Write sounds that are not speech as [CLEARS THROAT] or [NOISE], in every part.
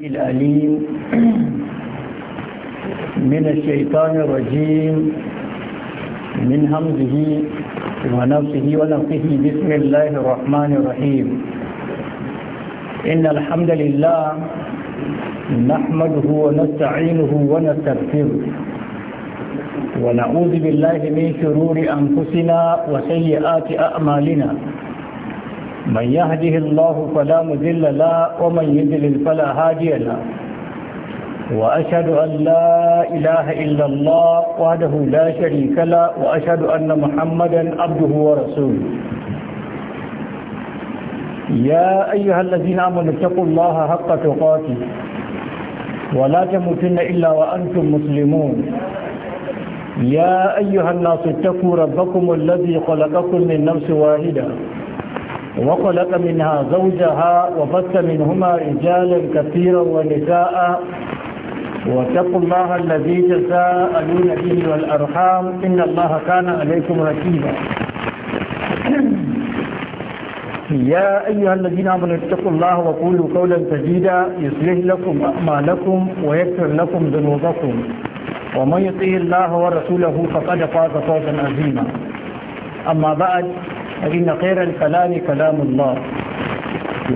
الأليم من الشيطان الرجيم من همزه ونفسه ونفسه بسم الله الرحمن الرحيم إن الحمد لله نحمده ونستعينه ونستغفره ونعوذ بالله من شرور أنفسنا وسيئات أعمالنا من يهده الله فلا مذل لا ومن يذلل فلا هادي لا وأشهد أن لا إله إلا الله وحده لا شريك لا وأشهد أن محمدا عبده ورسوله يا أيها الذين آمنوا اتقوا الله حق تقاته ولا تموتن إلا وأنتم مسلمون يا أيها الناس اتقوا ربكم الذي خلقكم من نفس واحدة وخلق منها زوجها وبث منهما رجالا كثيرا ونساء واتقوا الله الذي تساءلون به والأرحام إن الله كان عليكم ركيبا يا أيها الذين آمنوا اتقوا الله وقولوا قولا سديدا يصلح لكم أعمالكم ويكفر لكم ذنوبكم ومن يطيع الله ورسوله فقد فاز فوزا عظيما أما بعد فإن خير الكلام كلام الله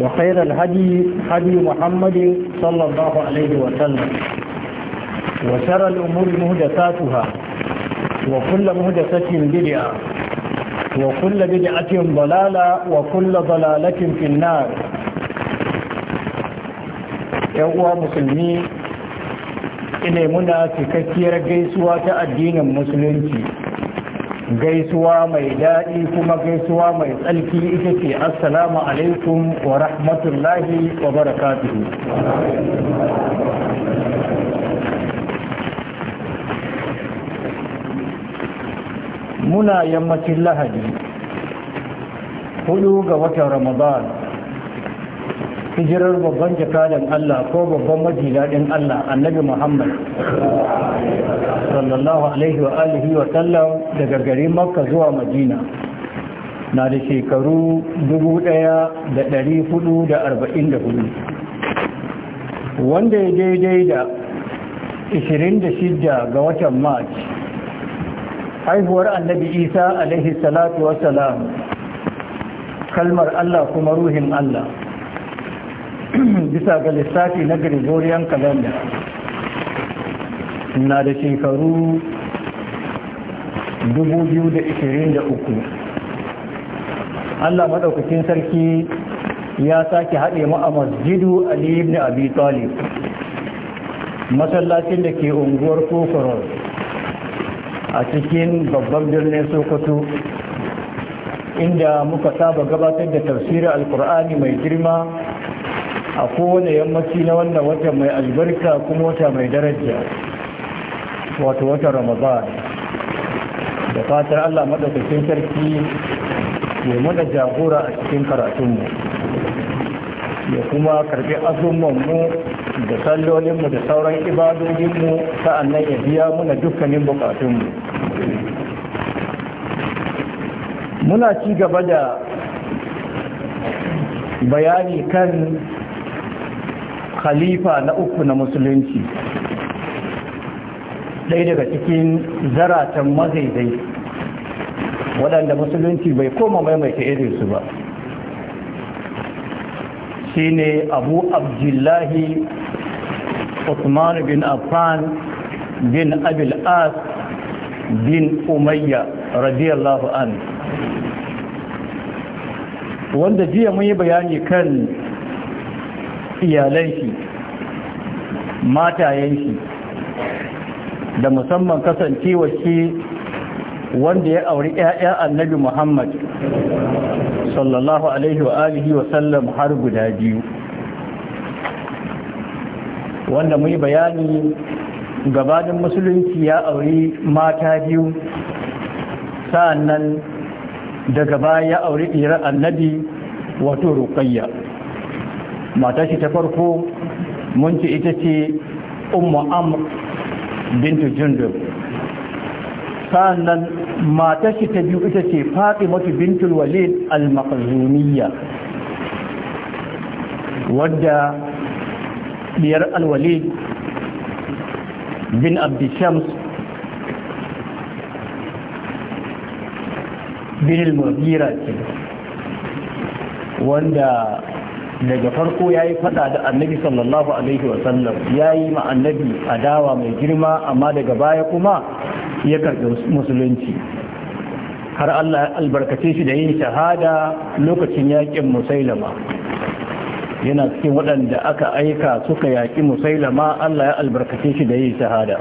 وخير الهدي هدي محمد صلى الله عليه وسلم وشر الأمور مهدساتها وكل مهدسة بدعة وكل بدعة ضلالة وكل ضلالة في النار يوى مسلمين ina muna cikakkiyar gaisuwa ta addinin musulunci gaisuwa mai daɗi kuma gaisuwa mai tsarki ita ce assalamu alaikum wa rahmatullahi wa barakatuhu muna yammacin lahadi hudu ga watan ramadan hijirar babban jakadan Allah ko babban majidadin Allah annabi Muhammad sallallahu alaihi wa alihi wa sallam daga garin Makka zuwa Madina na da shekaru 1444 wanda ya daidai da 26 ga watan March haihuwar annabi Isa alaihi salatu wa salam kalmar Allah kuma ruhin Allah [CLEARS THROAT] bisa ga lissafi na gregorian calendar na da shekaru 2023 allah maɗaukakin sarki ya sake haɗe mu a masjidu ali ibn abi talib masallacin da ke unguwar kokoro. a cikin babban birnin sokoto inda muka saba gabatar da tafsirin alkur'ani mai girma a kowane yammaci na wannan wata mai albarka kuma wata mai daraja wato wata ramadan da fatar allah maɗaukacin sarki ya mana jagora a cikin karatunmu ya kuma karbi azumanmu da sallolinmu da sauran ibadodinmu sa'annan ya biya muna dukkanin bukatunmu muna ci gaba da bayani kan khalifa na uku na musulunci ɗaya daga cikin zaratan mazaidai waɗanda musulunci bai koma maimaita irinsu ba Shi ne abu abdullahi usman bin affan bin abil as bin umayya radiyallahu an wanda jiya mun yi bayani kan iyalanki matayenki da musamman kasancewa shi wanda ya auri 'ya'ya annabi Muhammad sallallahu alaihi wa alihi wa sallam har guda biyu wanda mu yi bayani gabanin musulunci ya auri mata biyu sa'annan daga baya ya auri ɗirar annabi wato ruqayya mata shi ta farko mun ci ita ce ummu amr bintu jundub sannan mata shi ta biyu ita ce fatimatu bintul walid al-makhzumiyya wadda biyar al-walid bin abdishams bin al-mughira ce wanda daga farko ya yi fada da annabi sallallahu alaihi wasallam ya yi ma annabi adawa mai girma amma daga baya kuma ya karɓi musulunci har Allah albarkace shi da yin shahada lokacin yakin musailama yana cikin waɗanda aka aika suka yaƙi musailama Allah ya albarkace shi da yin shahada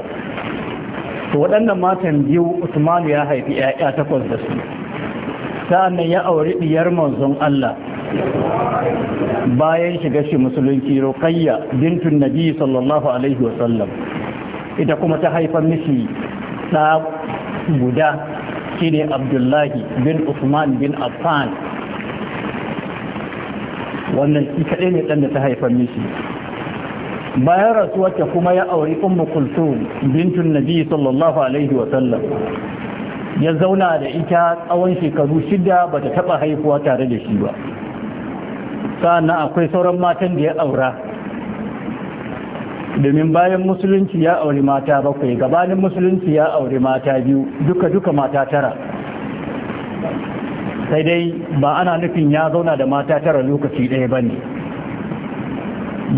to waɗannan matan biyu Usman ya haifi 'ya'ya takwas da su sa'annan ya auri diyar manzon Allah bayan shiga shi musulunci ruqayya bintun nabi sallallahu alaihi wasallam ita kuma ta haifar mishi da guda shine abdullahi bin usman bin affan wannan ita ne dan da ta haifar mishi bayan rasuwarta kuma ya auri ummu kulthum bintun nabi sallallahu alaihi wasallam ya zauna da ita tsawon shekaru shida bata taba haifuwa tare da shi ba sa'annan akwai sauran matan da ya aura domin bayan musulunci ya auri mata bakwai gabanin musulunci ya auri mata biyu duka-duka mata tara sai dai ba ana nufin ya zauna da mata tara lokaci ɗaya ba ne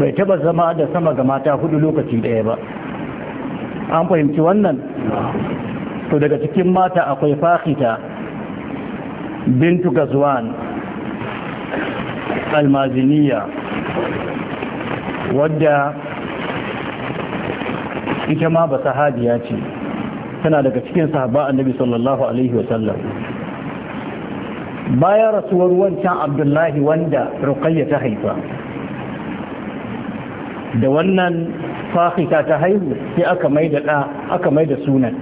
bai taba zama da sama ga mata hudu lokaci ɗaya ba an fahimci wannan to daga cikin mata akwai fahita bintu gazuwan almaziniya wadda ita ma ba sahabiya ce tana daga cikin sahaba annabi sallallahu alaihi wasallam bayan rasuwar wancan abdullahi wanda rukayya ta haifa da wannan fahita ta haihu sai aka mai da aka mai da sunan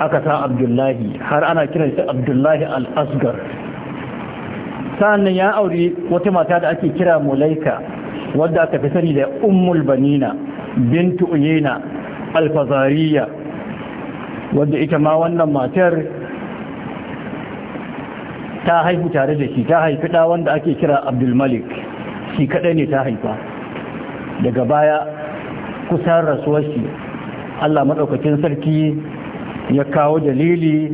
aka sa abdullahi har ana kiransa abdullahi al-asgar sannan ya aure wata mata da ake kira mulaika wadda aka fi sani da ummul banina bintu uyena alfazariya wadda ita ma wannan matar ta haihu tare da shi ta haifi da wanda ake kira abdulmalik shi kadai ne ta haifa daga baya kusan rasuwar shi allah maɗaukacin sarki ya kawo dalili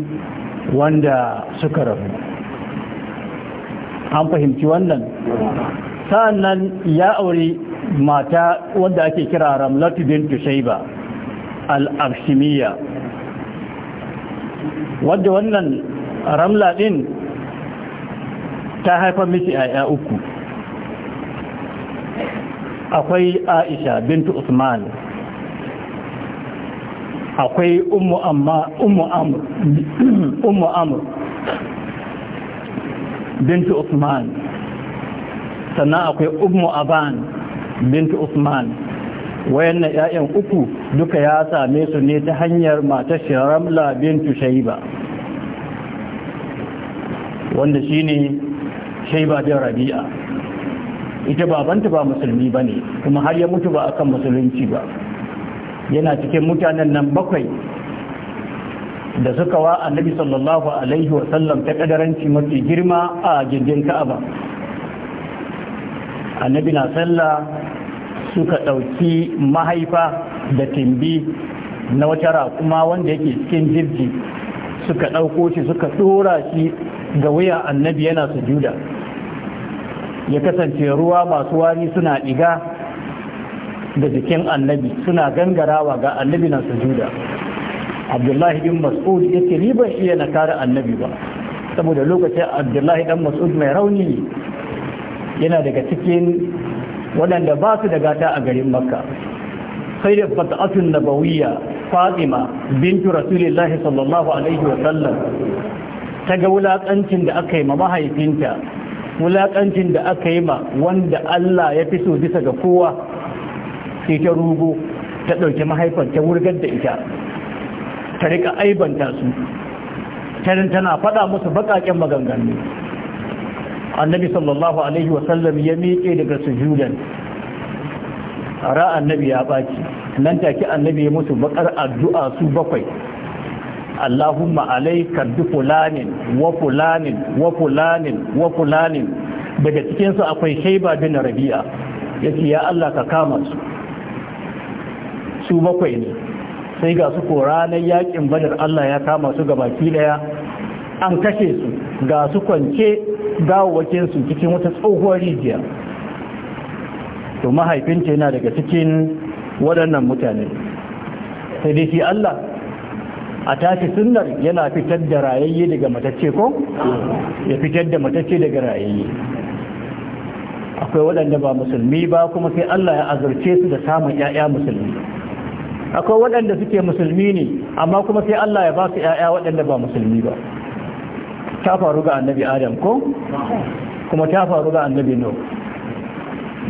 wanda suka rabu an fahimci wannan sa'annan ya aure mata wadda ake kira ramlatu bintu shaiba al-abshimiyya wadda wannan ramla din ta haifa miki ya uku akwai aisha bintu usman akwai ummu amma bintu Usman sannan akwai Ummu Aban bintu Usman wayannan ƴaƴan uku duka ya same su ne ta hanyar matar Sharamla bintu Shayba wanda shine Shayba bin Rabi'a ita babanta ba musulmi bane kuma har ya mutu ba akan musulunci ba yana cikin mutanen nan bakwai da suka wa annabi sallallahu alaihi wasallam ta kadaranci mafi girma a jirgin ka'aba annabi na sallah suka ɗauki mahaifa da timbi na wata kuma wanda yake cikin jirgi suka ɗauko shi suka ɗora shi ga wuya annabi yana sujuda ya kasance ruwa masu wari suna ɗiga da jikin annabi suna gangarawa ga annabi na sujuda abdullahi bin mas'ud ya ce ni ban iya na kare annabi ba saboda lokacin abdullahi dan mas'ud mai rauni yana daga cikin waɗanda ba su da gata a garin makka sai da fata'atun nabawiyya fatima bintu rasulillahi sallallahu alaihi wa sallam ta ga wulaƙancin da aka yi ma mahaifinta wulaƙancin da aka yi ma wanda Allah ya fi so bisa ga kowa sai ta rugo ta ɗauki mahaifar ta wurgar da ita ta rika aibanta su tarin tana faɗa musu baƙaƙen maganganu annabi sallallahu alaihi wasallam ya miƙe daga sujudan ra annabi ya baki nan take annabi ya musu bakar addu'a su bakwai Allahumma alayka dufulanin fulanin wa fulanin wa fulanin wa fulanin daga cikin su akwai Shayba bin Rabi'a yace ya Allah ka kama su su bakwai ne sai ga su ko ranar yakin badar Allah ya kama su ga baki daya an kashe su ga su kwance gawawakin su cikin wata tsohuwar rijiya to mahaifinta yana daga cikin waɗannan mutane sai dai shi Allah a tashi sunnar yana fitar da rayayye daga matacce ko ya fitar da matacce daga rayayye akwai waɗanda ba musulmi ba kuma sai Allah ya azurce su da samun 'ya'ya musulmi akwai waɗanda suke musulmi ne amma kuma sai Allah ya ba su ‘ya'ya waɗanda ba musulmi ba ta faru ga annabi adam ko kuma ta faru ga annabi no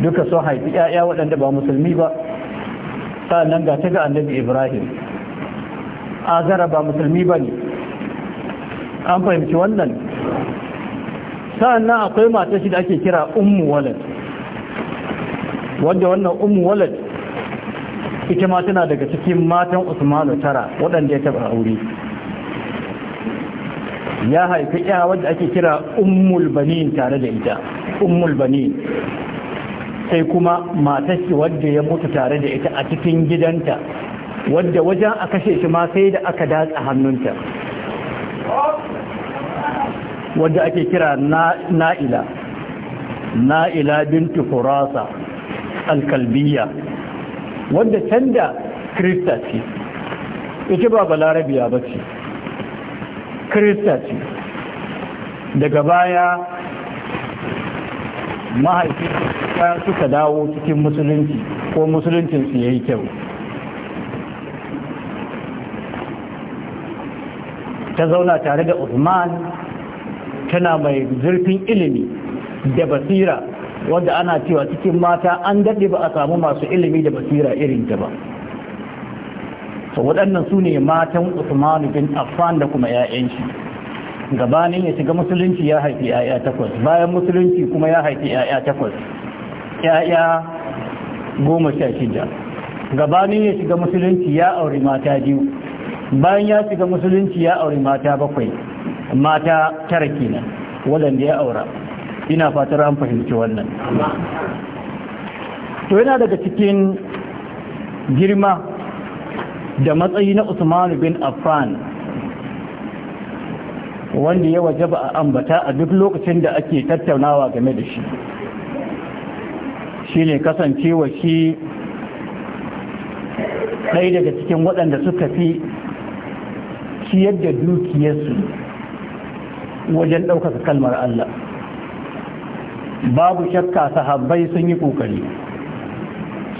duka sun haifi ‘ya'ya waɗanda ba musulmi ba sa'annan ga ta ga annabi ibrahim azara ba musulmi ba ne an fahimci wannan sa'annan akwai mata shi da ake kira ummu walad wanda wannan ummu walad ita ma tana daga cikin matan usmanu tara waɗanda ya taɓa aure ya haifi ya wadda ake kira ummul banin tare da ita ummul banin sai kuma matashi wadda ya mutu tare da ita a cikin gidanta wadda wajen a kashe shi ma sai da aka datsa hannunta wadda ake kira na'ila na'ila bintu furasa alkalbiya wanda can da krista ce ita ba balarabiya ba ce krista ce daga baya mahaifi suka dawo cikin musulunci ko musuluncinsu ya yi kyau ta zauna tare da Usman tana mai zurfin ilimi da basira wadda ana cewa cikin mata an daɗe ba a samu masu ilimi da basira irin ta ba to waɗannan su ne matan usman bin affan da kuma 'ya'yan shi gabanin ya shiga musulunci ya haifi 'ya'ya takwas bayan musulunci kuma ya haifi 'ya'ya takwas 'ya'ya goma sha shida gabanin ya shiga musulunci ya auri mata biyu bayan ya shiga musulunci ya auri mata bakwai mata tara kenan waɗanda ya aura ina fatar an fahimci wannan to yana daga cikin girma da matsayi na usman bin affan wanda ya wajaba a ambata a duk lokacin da ake tattaunawa game da shi shi ne kasancewa shi ɗaya daga cikin waɗanda suka fi ciyar da dukiyarsu wajen ɗaukaka kalmar Allah babu shakka sahabbai sun yi kokari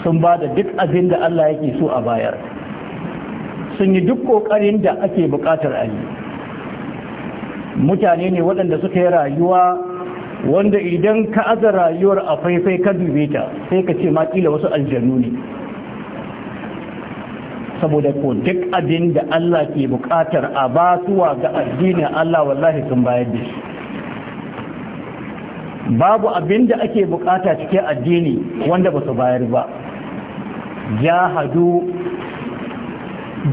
sun ba da duk abin da Allah yake so a bayar sun yi duk kokarin da ake buƙatar a yi mutane ne waɗanda suka yi rayuwa wanda idan ka aza rayuwar a faifai ka dube ta sai ka ce makila wasu aljanu ne saboda ko duk abin da Allah ke bukatar a ba suwa ga addinin Allah wallahi sun bayar da shi babu abin da ake bukata cikin addini wanda ba su bayar ba jahadu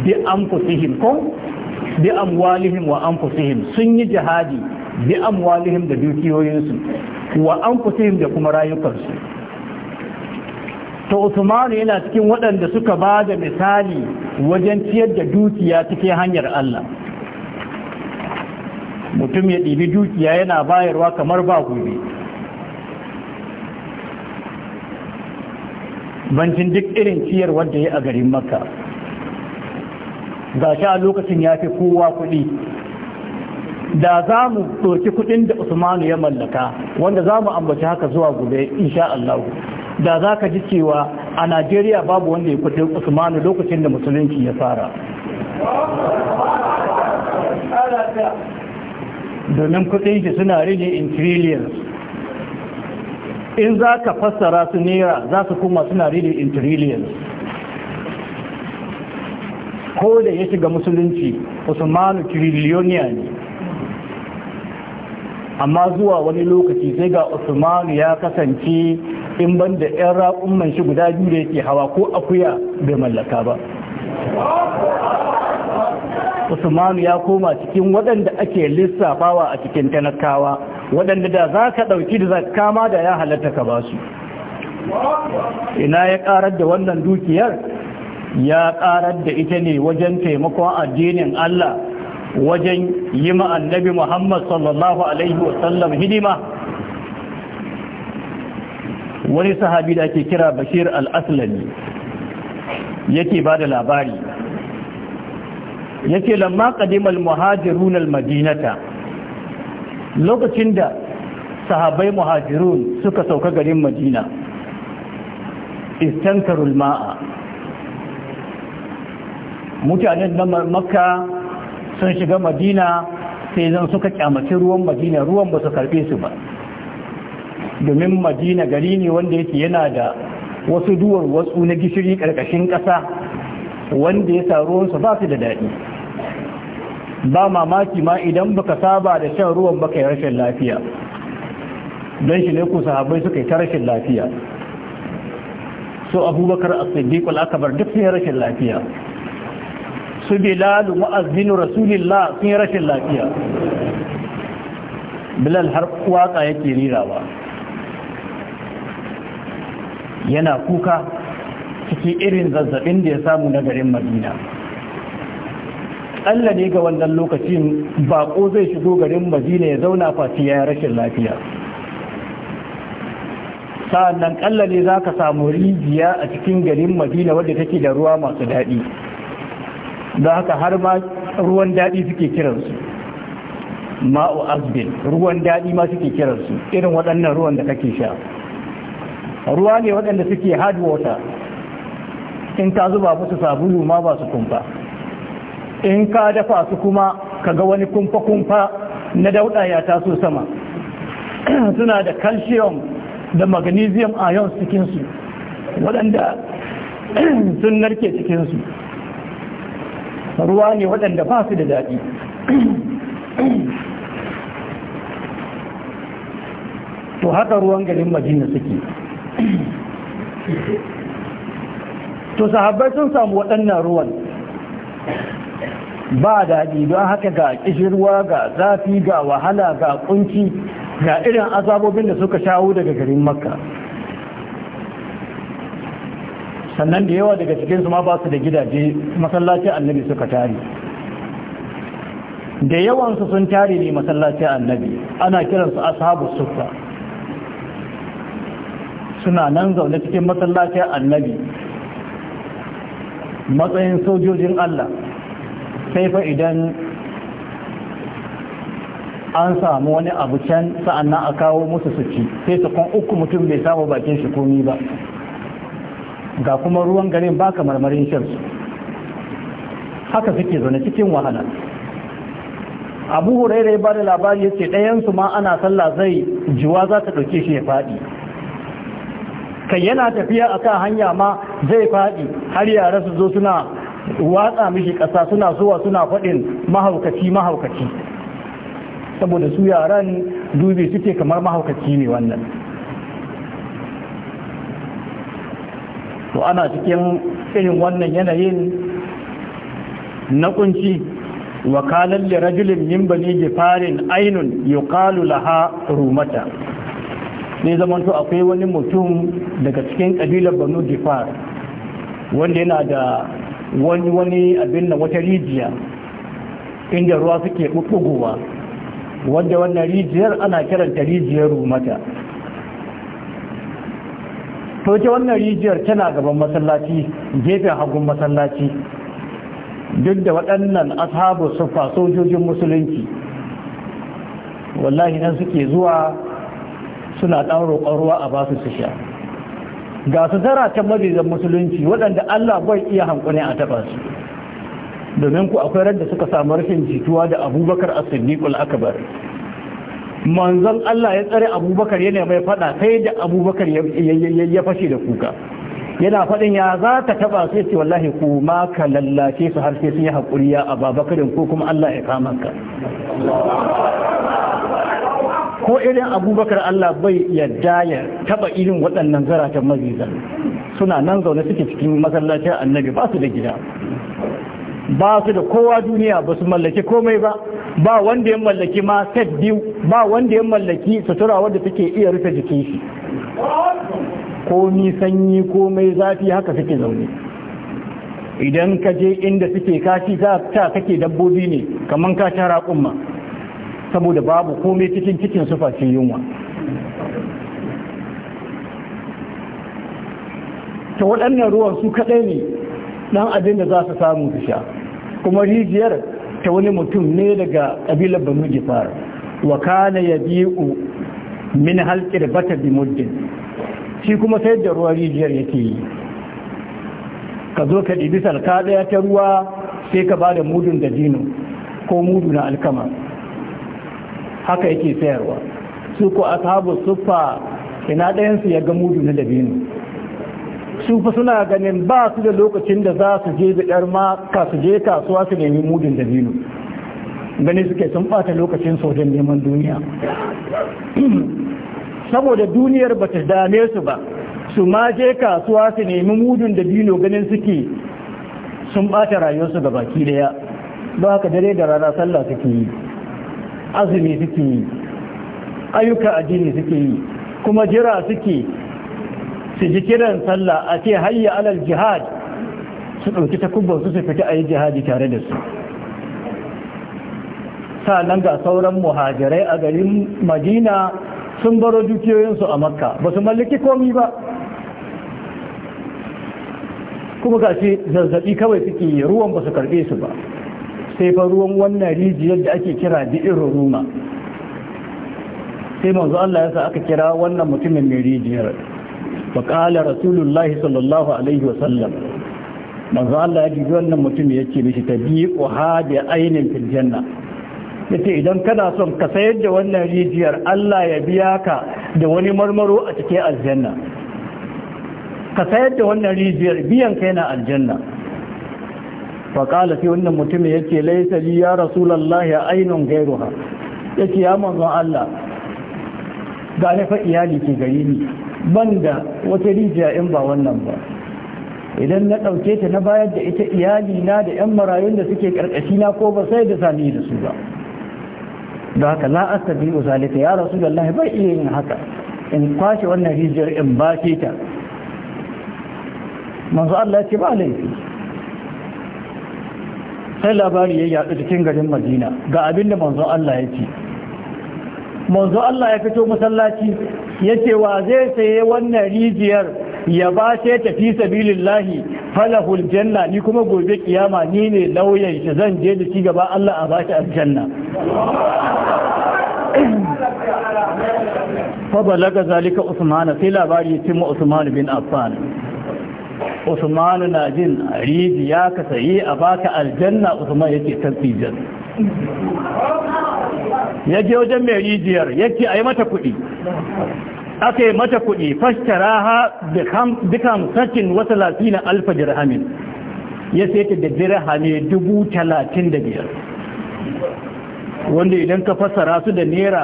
bi anfusihim ko bi walihim wa an anfusihim sun yi jihadi bi an walihim da dukiyoyinsu wa an anfusihim da kuma rayukansu to usmanu yana cikin waɗanda suka ba da misali wajen ciyar da dukiya cikin hanyar Allah mutum ya ɗibi dukiya yana bayarwa kamar ba gobe bancin duk irin ciyar wanda ya a garin makka ga sha lokacin ya fi kowa kuɗi da za mu ɗauki kuɗin da usmanu ya mallaka wanda za mu ambaci haka zuwa gobe insha Allah da za ka ji cewa a najeriya babu wanda ya kuɗin usmanu lokacin da musulunci ya fara domin kuɗin shi suna rini in trillions in za ka fassara su nera za su kuma suna really in trillions ko da ya shiga musulunci usmanu trillionia ne amma zuwa wani lokaci sai ga usmanu ya kasance in ban da 'yan raƙumman shi guda biyu da yake hawa ko akuya bai mallaka ba usmanu ya koma cikin waɗanda ake lissafawa a cikin talakawa waɗanda da za ka ɗauki da zakka kama da ya halatta ka ba su ina ya ƙarar da wannan dukiyar ya ƙarar da ita ne wajen taimakon addinin Allah wajen yi ma annabi Muhammad sallallahu alaihi wasallam hidima wani sahabi da ake kira Bashir al-Aslami yake ba da labari Yake lamma kadimal muhajirun al madinata lokacin da sahabbai muhajirun suka sauka garin madina istankarul ma'a mutanen na makka sun shiga madina sai zan suka kyamaci ruwan madina ruwan ba su karbe su ba domin madina gari ne wanda yake yana da wasu duwar wasu na gishiri karkashin kasa wanda ya sa ruwansa ba su da daɗi ba mamaki ma idan baka saba da shan ruwan baka yi rashin lafiya don shi ne ku sahabai suka yi ta rashin lafiya su abubakar as-siddiq aka akbar duk sun yi rashin lafiya su bilal ma'azinu rasulillah sun yi rashin lafiya bilal har waka yake rirawa yana kuka ciki irin zazzabin da ya samu na garin madina Allah ne ga wannan lokacin baƙo zai shigo garin madina ya zauna fati ya rashin lafiya sa'annan allah ne za ka samu rijiya a cikin garin madina wadda take da ruwa masu daɗi za haka har ma ruwan daɗi suke kiransu ma'u asbin ruwan daɗi ma suke kiransu irin waɗannan ruwan da kake sha ruwa ne waɗanda suke hard water in ka zuba musu sabulu ma ba su kumfa in ka dafa su kuma ka ga wani kumfa-kumfa na dauɗa ya taso sama [CLEARS THROAT] suna da calcium da magnesium ions cikinsu waɗanda [CLEARS THROAT] sun narke cikinsu ruwa ne waɗanda ba su da daɗi [CLEARS THROAT] to haka ruwan garin madina suke to sahabbai sun samu waɗannan ruwan ba daɗi don haka ga ƙishirwa ga zafi ga wahala ga kunci ga irin azabobin da suka shawo daga garin makka sannan da yawa daga cikinsu ma ba su da gidaje masallacin annabi suka tare da yawansu sun tare ne masallacin annabi ana kiransu ashabu sufa suna nan zaune cikin masallacin annabi matsayin sojojin Allah sai fa idan an samu wani abu can sa'annan a kawo musu su ci sai su kan uku mutum bai samu bakin shi komi ba ga kuma ruwan garin baka marmarin shansu haka suke zaune cikin wahala abu hurairai ba da labari ce ɗayansu ma ana sallah zai jiwa za ta ɗauke shi ya faɗi kai yana tafiya akan hanya ma zai faɗi har yara su zo suna watsa mishi ƙasa suna zuwa suna faɗin mahaukaci mahaukaci saboda su yaran dubi suke kamar mahaukaci ne wannan to ana cikin irin wannan yanayin na kunci wakalar da rajulin min farin jifarin ainun kalu laha rumata ne zamanto akwai wani mutum daga cikin kabilar banu jifar wanda yana da wani wani abin na wata rijiya inda ruwa suke bubbugowa wanda wannan rijiyar ana kiranta rijiyar rumata to ita wannan rijiyar tana gaban masallaci gefen hagun masallaci duk da waɗannan ashabu sufa sojojin musulunci wallahi nan suke zuwa suna ɗan roƙon ruwa a basu su sha ga su tara ta mabizan musulunci waɗanda Allah bai iya hankuni a taɓa su domin ku akwai radda suka samu rashin jituwa da abubakar a siddiqul akbar manzon Allah ya tsare abubakar yana mai faɗa sai da abubakar ya fashe da kuka yana faɗin ya za ta taɓa sai ce wallahi ku ma ka lallace su har sai sun yi haƙuri ya ababakarin ko kuma Allah ya kama ka ko irin abubakar Allah bai yadda ya taba irin waɗannan zaratan maziza suna nan zaune suke cikin masallacin annabi ba su da gida ba su da kowa duniya ba su mallaki komai ba ba wanda ya mallaki ma set biyu ba wanda ya mallaki sutura wadda suke iya rufe jikin shi komi sanyi komai zafi haka suke zaune idan ka je inda suke kashi za ta kake dabbobi ne kamar ka tara kuma saboda babu komai cikin cikin su yunwa ta waɗannan ruwan su kaɗai ne ɗan abin da za su samu su sha kuma rijiyar ta wani mutum ne daga ƙabilar banu jifar wa kana ya biyu min halƙir bata bi muddin shi kuma sai da ruwan rijiyar yake yi ka zo ka ɗibi salka ɗaya ta ruwa sai ka ba da mudun da dino ko mudu na alkama haka yake sayarwa su ko ashabu suffa ina ɗayansu ya ga mudu na dabino su fa suna ganin ba su da lokacin da za su je biɗar maka su je kasuwa su nemi mudun dabino gani suke sun ɓata lokacin sau neman duniya [CLEARS THROAT] saboda duniyar ba ta dame su ba su ma je kasuwa su nemi mudun dabino ganin suke sun ɓata rayuwarsu ga baki daya ba haka dare da rana sallah suke yi azumi suke yi ayyuka addini suke yi kuma jira suke su ji kiran sallah a ce hayya alal jihad su ɗauki takubban su su fita a yi jihadi tare da su nan ga sauran muhajirai a garin madina sun baro dukiyoyinsu a makka ba su mallaki komi ba kuma ga ce zazzabi kawai suke yi ruwan ba su karɓe su ba sai fa ruwan wannan rijiyar da ake kira irin ruma sai manzo Allah ya sa aka kira wannan mutumin mai rijiyar fa qala rasulullahi sallallahu alaihi wa sallam manzo Allah ya ji wannan mutum yake mishi tabiqu hadi ainin fil janna yace idan kana son ka sayar da wannan rijiyar Allah ya biya ka da wani marmaro a cikin aljanna ka sayar da wannan rijiyar biyan ka yana aljanna faƙala sai wannan mutumin ya ce laisa ya rasulallah ya ainihin gairuha ya ce ya manzon Allah ga fa iyali ke gari ni ban da wata rijiya in ba wannan ba idan na ɗauke ta na bayar da ita iyali na da 'yan marayun da suke ƙarƙashi na ko ba sai da sami da su ba da haka la astabi uzalika ya rasulullah bai iya yin haka in kwashe wannan rijiyar in ba ta manzo Allah ya ce ba laifi sai labari ya yaɗu cikin garin madina ga abin da manzo Allah ya ce manzo Allah ya fito masallaci ya ce wa zai saye wannan rijiyar ya ba sai tafi sabilillahi falahul janna ni kuma gobe kiyama ni ne lauyan shi zan je da shi gaba Allah a bashi aljanna fa balaga zalika usman sai labari ya ce ma usman bin affan usmanu na jin ya ka sayi a baka aljanna usman yake tasbijan ya je wajen mai rijiyar yake a yi mata kuɗi aka yi mata kuɗi fashtara ha dukan sakin wata latina alfa dirhamin ya sai ta da dirhami dubu talatin da biyar wanda idan ka fassara su da naira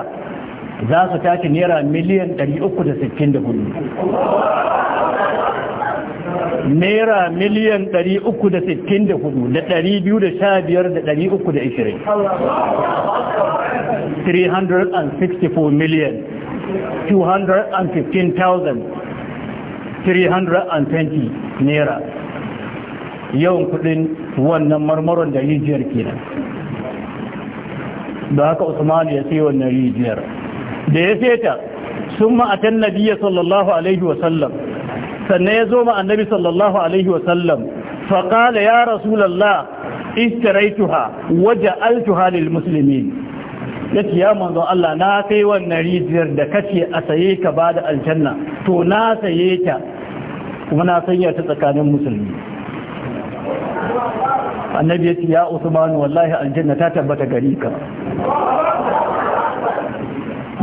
za su tashi naira miliyan 364 naira miliyan 364 da 215 da 320 364 miliyan 215,320 naira yawan kudin wannan marmaron da rijiyar kenan da haka usman ya sai wannan rijiyar da ya feta sun ma'atan nabiya sallallahu alaihi wasallam sannan ya zo ma annabi sallallahu alaihi wasallam faƙala ya rasulallah istiraituha waje altuhalil musulmi ya ce ya manzo Allah na kai wannan rijiyar da kace a saye ka ba da aljanna to na saye ta kuma na sanya ta tsakanin musulmi annabi ya ce ya usman wallahi aljanna ta tabbata gari ka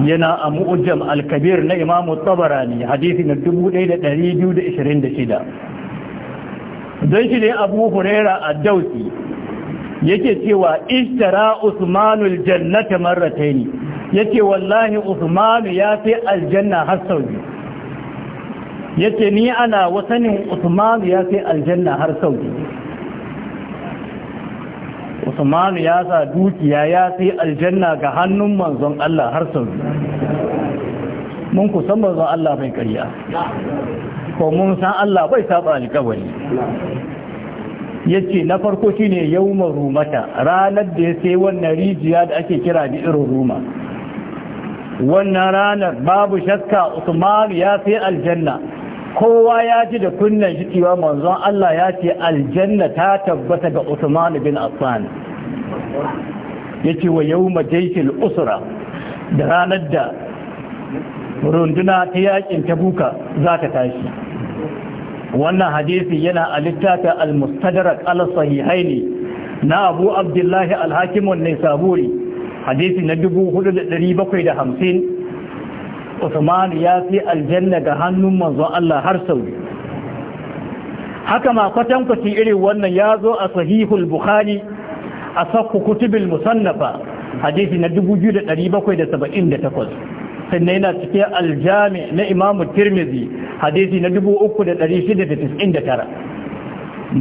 yana a mu'ujjam alkabir kabir na imamu tabarani hadisi na 1226 don shi ne abu huraira a dausi yake cewa ishtara usmanul jannata marrataini yake wallahi usmanu ya fi aljanna har sau yake ni ana wasanin usmanu ya fi aljanna har sau usmanu ya sa dukiya ya sai aljanna ga hannun manzon Allah har sau mun kusan manzon Allah bai ƙarya ko mun san Allah bai saba alƙawari yace na farko shine ma rumata ranar da ya sai wannan rijiya da ake kira da irin ruma wannan ranar babu shakka usmanu ya sai aljanna kowa ya ji da kunnen shi cewa manzon Allah ya ce aljanna ta tabbata ga Usman bin Affan yace wa yawma jayshil usra da ranar da runduna ta yakin tabuka za ta tashi wannan hadisi yana a littafin al-mustadrak al-sahihaini na Abu Abdullah al-Hakim an-Nisaburi hadisi na 4750 Usman ya fi aljanna ga hannun manzon Allah har sau haka ma kwatankwaci irin wannan ya zo a sahihul bukhari a sakku kutubil musannafa hadisi na 2778 sannan yana cikin aljami na imamu tirmizi hadisi na 3699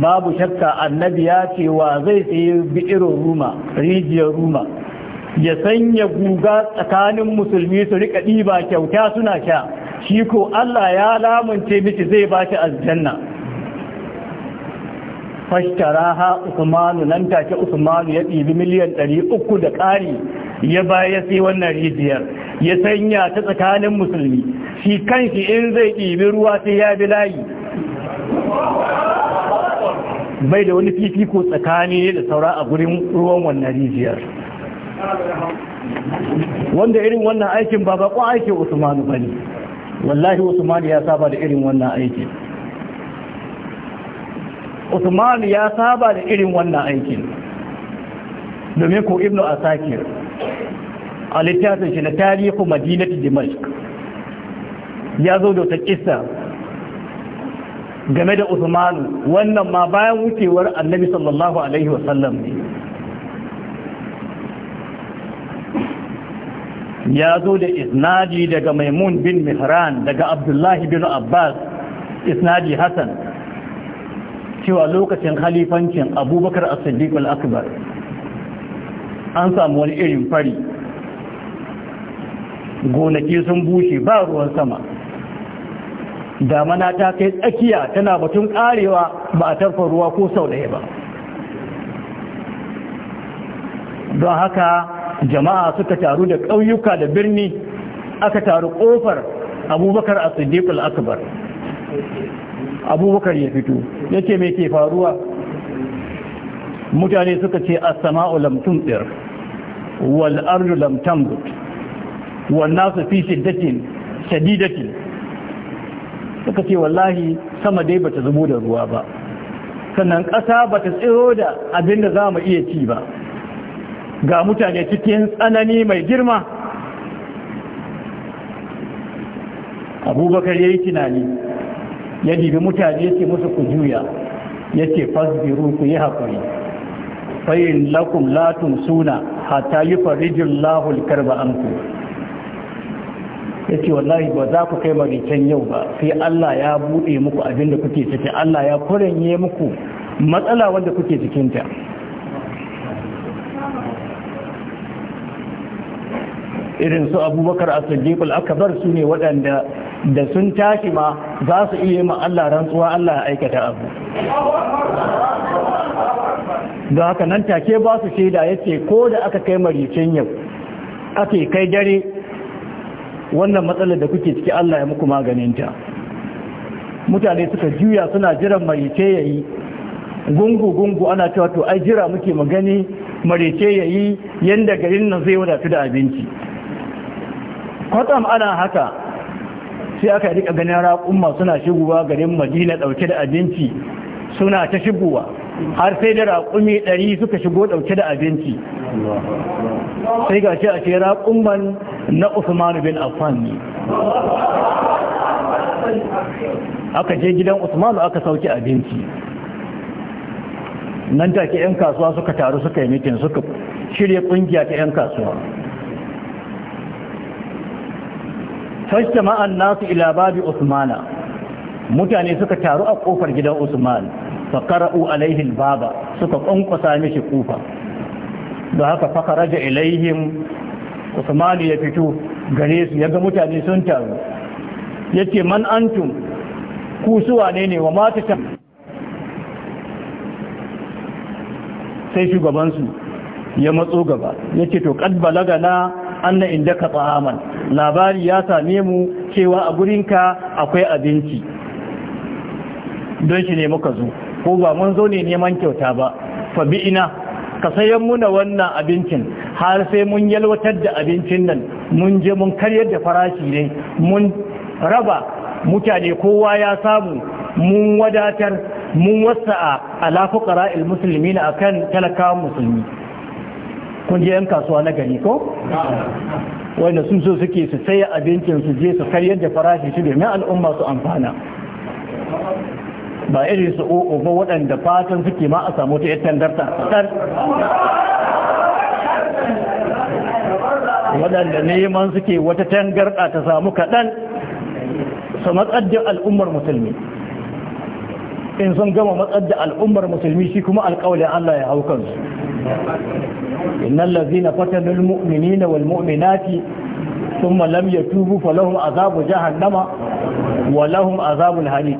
babu shakka annabi ya ce wa zai sayi irin ruma rijiyar ruma ya sanya guga tsakanin musulmi su rika ɗiba kyauta suna sha shi ko Allah ya lamunce miki zai ba ki aljanna fashtaraha usmanu nan take usmanu ya ɗibi miliyan ɗari uku da ƙari ya baya sai wannan rijiyar ya sanya ta tsakanin musulmi shi kanshi in zai ɗibi ruwa sai ya bi layi bai da wani fifiko tsakani da saura a gurin ruwan wannan rijiyar wanda irin wannan aikin ba bakon aikin usmanu ba ne, wallahi usmanu ya saba da irin wannan aikin usmanu ya saba da irin wannan aikin domin ko ibnu a sake a littafin shi na tarihi madinati dimashq ya zo da wata game da Usmanu wannan ma bayan wucewar Annabi sallallahu alaihi wasallam ne ya zo da isnadi daga maimun bin mihran daga abdullahi bin abbas isnadi hassan cewa lokacin halifancin abubakar as-siddiq al-akbar an samu wani irin fari gonaki sun bushe ba ruwan sama damana ta kai tsakiya tana batun karewa ba a tarfa ruwa ko sau ɗaya ba don haka jama'a suka taru da ƙauyuka da birni aka taru ƙofar abubakar a siddiqul akbar abubakar ya fito ya ce mai ke faruwa mutane suka ce a sama'u lamtun ɗir wal ardu lamtan gut wal nasu fi shiddatin shadidatin suka ce wallahi sama dai bata zubo da ruwa ba sannan ƙasa bata tsiro da abinda za mu iya ci ba ga mutane cikin tsanani mai girma abubakar ya yi tunani ya dibi mutane yake musu ku juya yake fasbiru ku yi haƙuri fayin lakum latun suna hata yi farijin lahul karba amku ya ce wallahi ba za ku kai maritan yau ba sai Allah ya buɗe muku abinda kuke ciki Allah ya kuranye muku matsala wanda kuke cikinta irin su abubakar a sadiqul akbar su ne waɗanda da sun tashi ma za su iya ma Allah rantsuwa Allah ya aikata abu da haka nan take ba su shaida ya ce ko da aka kai maricin yau ake kai dare wannan matsalar da kuke ciki Allah ya muku maganinta mutane suka juya suna jiran marice ya yi gungu-gungu ana cewa to ai jira muke magani marice ya yi yadda garin nan zai wadatu da abinci kwatsam ana haka sai aka rika ganin raƙumma suna shigowa garin madina ɗauke da abinci suna ta shigowa har sai da raƙumi ɗari suka shigo ɗauke da abinci sai ga shi a ce raƙumman na usmanu bin affan ne aka je gidan Usman aka sauke abinci nan take 'yan kasuwa suka taru suka yi mitin suka shirya ƙungiya ta 'yan kasuwa fajtama an-nasu ila babi usmana mutane suka taru a ƙofar gidan usman fa qara'u alaihi laihin baba suka kunkusa mishi kufa da haka fa kharaja ilaihim usman ya fito gare su yaga mutane sun taru yace man antum ku suwa ne ne wa mata sai shugabansu ya matso gaba ya ce to kad balaga na anna indaka ta'aman labari ya same mu cewa a gurinka akwai abinci don shi ne muka zo ko ba mun zo ne neman kyauta ba fa bi'ina, ka sayan muna wannan abincin har sai mun yalwatar da abincin nan mun je mun karyar da farashi ne mun raba mutane kowa ya samu mun wadatar mun wasa'a ala fuqara al akan talakawan musulmi kun je yan kasuwa na gari ko wanda sun so suke su saya abincin su je su karyar da farashi shi domin al'umma su amfana ba irin su o'o ba waɗanda fatan suke ma a samu ta yattan darta tsar waɗanda neman suke wata tangarɗa ta samu kaɗan su matsar al'ummar musulmi in sun gama matsar al'ummar musulmi shi kuma alƙawalin Allah ya hau kansu innal ladzina fatanul mu'minina wal mu'minati thumma lam yatubu falahum azabu jahannama wa lahum azabul hariq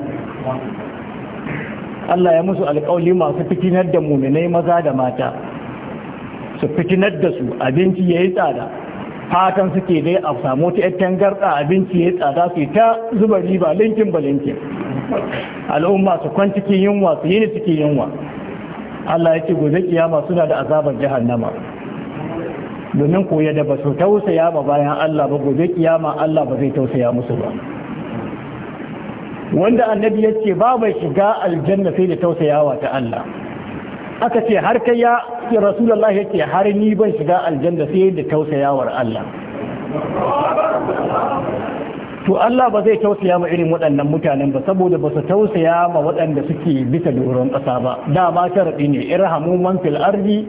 Allah ya musu alƙawli masu fitinar da muminai maza da mata su fitinar da su abinci ya yi tsada fatan suke dai a samu ta yattan garda abinci ya yi tsada su ta zuba riba linkin ba linkin al'umma su kwanci cikin yunwa su yi ne cikin yunwa Allah ya ce gobe kiyama suna da azabar jahannama domin koya da ba su tausaya ba bayan Allah ba gobe kiyama Allah ba zai tausaya musu ba wanda annabi ya ce ba bai shiga aljanna sai da tausayawa ta Allah aka ce har kai ya ce rasulullahi ya ce har ni ban shiga aljanna sai da tausayawar Allah to Allah ba zai tausaya ma irin waɗannan mutanen ba saboda ba su tausaya ma waɗanda suke bisa doron ƙasa ba dama sharaɗi ne irhamu man fil ardi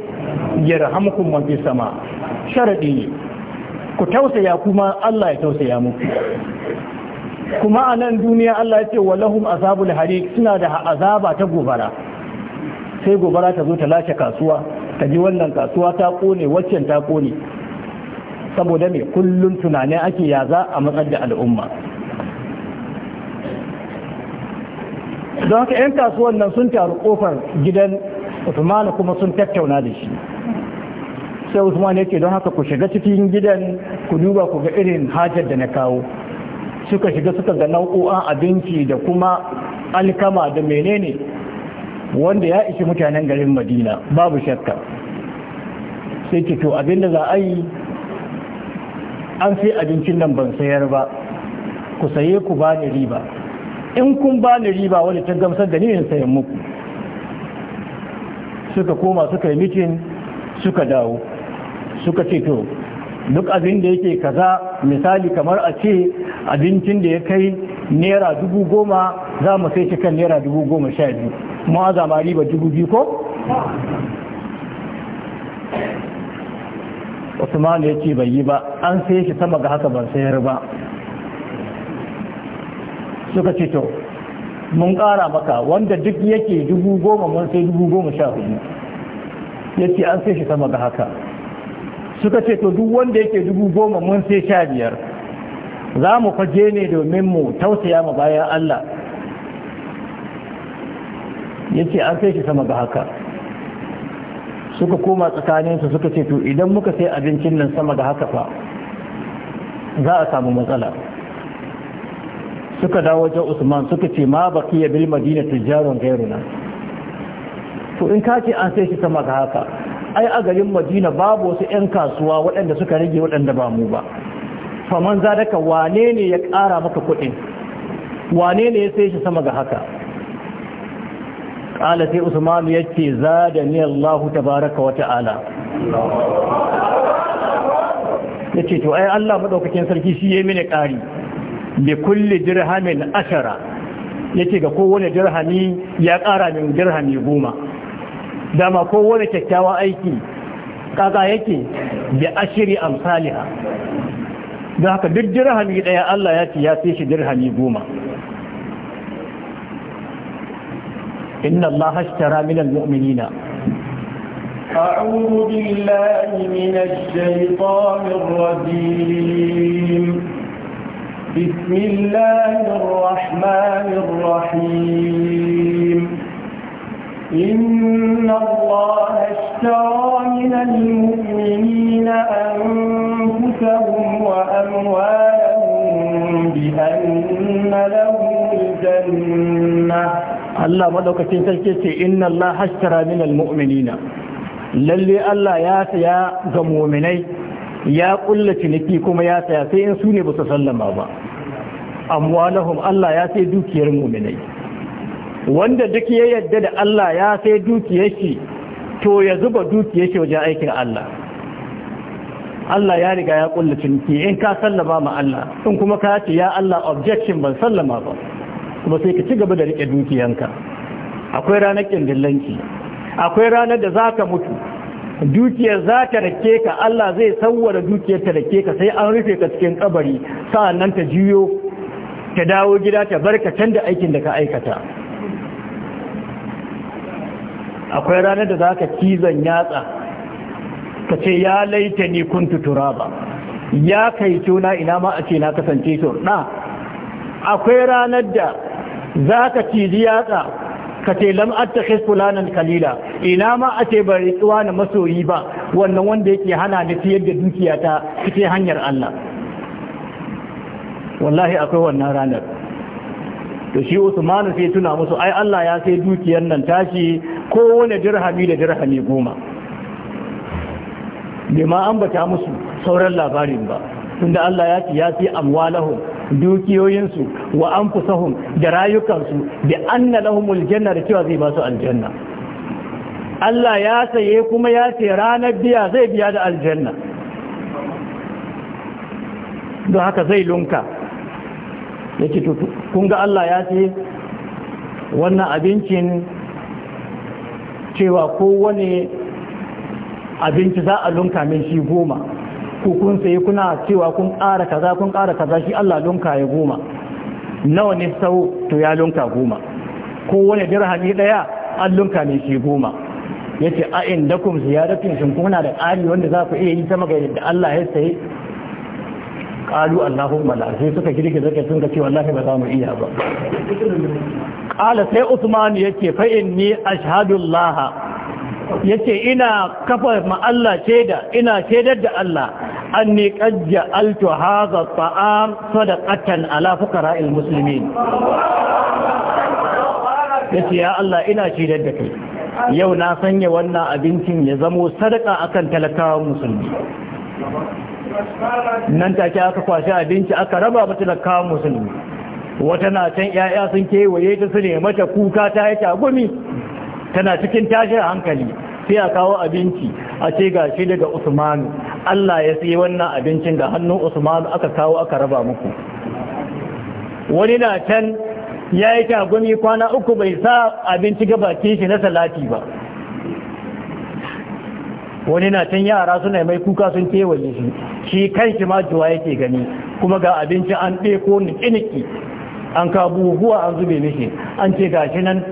yarhamukum man fis sama sharaɗi ne ku tausaya kuma Allah ya tausaya muku kuma a nan duniya Allah ya ce walahum azabul hariq suna da azaba ta gobara sai gobara ta zo ta lashe kasuwa ta ji wannan kasuwa ta kone waccan ta kone saboda mai kullum tunanin ake yaza a matsar da al'umma don haka 'yan kasuwan nan sun taru kofar gidan usman kuma sun tattauna da shi sai usman yake don haka ku shiga cikin gidan ku duba ku ga irin hajar da na kawo suka shiga suka ga nau'o'an abinci da kuma alkama da menene wanda ya ishi mutanen garin madina babu shakka sai ce to abinda za a yi an sai abincin nan ban sayar ba ku saye ku ba ni riba in kun ba ni riba wani ta gamsar da ni in sayan muku suka koma suka yi mitin suka dawo suka ce to duk abin da yake kaza misali kamar a ce abincin da ya kai naira dubu goma za mu sai shi kan naira dubu goma sha biyu ma za ma riba dubu biyu ko usman ya ce bai yi ba an sai shi sama ga haka ban sayar ba suka ce to mun ƙara maka wanda duk yake dubu goma mun sai dubu goma sha hudu ya ce an sai shi sama ga haka suka ce to duk wanda yake dubu goma mun sai sha biyar za mu faje ne domin mu tausaya ma bayan Allah ya ce an sai shi sama ga haka suka koma tsakaninsu suka ce to idan muka sai abincin nan sama da haka fa za a samu matsala suka dawo wajen usman suka ce ma baki ya bil madina tujjaron gairuna to in ka ce an sai shi sama da haka ai a garin madina babu wasu 'yan kasuwa waɗanda suka rage waɗanda ba mu ba faman za daga wane ne ya ƙara maka kuɗin wane ne ya sai shi sama ga haka ƙala sai usmanu ya ce za da ni allahu tabaraka wa ta'ala ya ce to ai allah maɗaukakin sarki shi ya mini ƙari bi kulli dirhamin ashara ya ce ga kowane dirhami ya ƙara min dirhami goma dama kowane kyakkyawa aiki ƙaƙa yake bi ashiri amsaliha Da haka duk dirhami ɗaya allah ya ce ya fi shi dirhami goma إن الله اشترى من المؤمنين أعوذ بالله من الشيطان الرجيم بسم الله الرحمن الرحيم إن الله اشترى من المؤمنين أنفسهم وأموالهم بأن لهم الجنة Allah maɗaukacin sarki ce inna Allah hashtara min almu'minina lalle Allah ya saya ga mu'minai ya kulla ciniki kuma ya saya sai in su ne ba su sallama ba amwalahum Allah ya sai dukiyar mu'minai wanda duk ya yadda da Allah ya sai dukiyar shi to ya zuba dukiyar shi wajen aikin Allah Allah ya riga ya kulla ciniki in ka sallama ma Allah in kuma ka ce ya Allah objection ban sallama ba kuma sai ka ci gaba da riƙe dukiyanka akwai ranar kindillanki akwai ranar da za ka mutu dukiyar za ta rake ka Allah zai sauwara dukiyar ta rake ka sai an rufe ka cikin kabari nan ta juyo ta dawo gida ta barka can da aikin da ka aikata akwai ranar da za ka cizon yatsa ka ce ya laita ni kuntu turaba ya kai tona ina ma a ce na kasance na akwai ranar da za ka cizi yatsa ka ce lam attakhis fulanan kalila ina ma a ce bari riƙuwa na masoyi ba wannan wanda yake hana ni ciyar da dukiyata cikin hanyar Allah wallahi akwai wannan ranar to shi Usmanu sai tuna musu ai Allah ya sai dukiyar nan tashi kowane dirhami da dirhami goma bai ma ambata musu sauran labarin ba tunda Allah ya ce ya fi amwalahum dukiyoyinsu wa anfusahun, da rayukansu an na lahumul janna da cewa zai ba aljanna Allah ya saye kuma ya ce ranar biya zai biya da aljanna don haka zai lunka ya ce kun ga Allah ya ce wannan abincin cewa kowane abinci za a lunka min shi goma ku kun sai kuna cewa kun ƙara kaza kun ƙara kaza shi Allah lunka ya goma nawa ne sau to ya lunka goma ko wani dirhami daya an lunka ne shi goma yace a inda kun ziyaratin shin kuna da ƙari wanda za ku iya yi ta magana da Allah ya sai qalu allahumma la sai suka girge zaka sun ga cewa wallahi ba za mu iya ba qala sai usman yace fa inni ashhadu allaha yace ina kafa ma Allah ina cedar da Allah anni qad ja'altu haza ta'am sadaqatan ala fuqara'il muslimin yace ya Allah ina cedar da kai yau na sanya wannan abincin ya zamo sadaka akan talakawan musulmi nan take aka kwashi abinci aka raba mata talakawan musulmi wata na can 'ya'ya sun kewaye ta su ne mata kuka ta yi tagumi tana cikin tashin hankali sai a kawo abinci a ce ga shi daga Usman Allah ya sai wannan abincin da hannun Usman aka kawo aka raba muku wani na can ya yi tagumi kwana uku bai sa abinci ga baki shi na salati ba wani na can yara suna mai kuka sun kewaye shi shi kan shi ma juwa yake gani kuma ga abinci an ɗeko niki-niki an kabu an zube mishi an ce gashi nan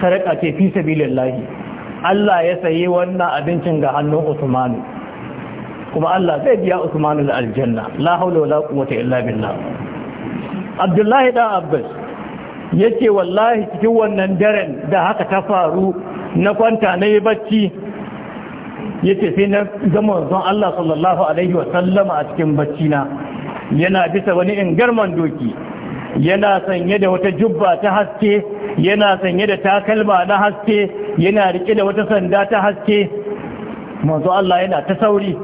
sarƙa ce fi sabilillahi Allah ya sayi wannan abincin ga hannun Usmanu kuma Allah zai biya Usmanu da aljanna la haula wala quwwata illa billah Abdullahi da Abbas yace wallahi cikin wannan daren da haka ta faru na kwanta na yi bacci yace sai na gama zon Allah sallallahu alaihi wa sallama a cikin bacci na yana bisa wani ingarman doki yana sanye da wata jubba ta haske yana sanye da takalma na haske yana rike da wata sanda ta haske manzo Allah yana ta sauri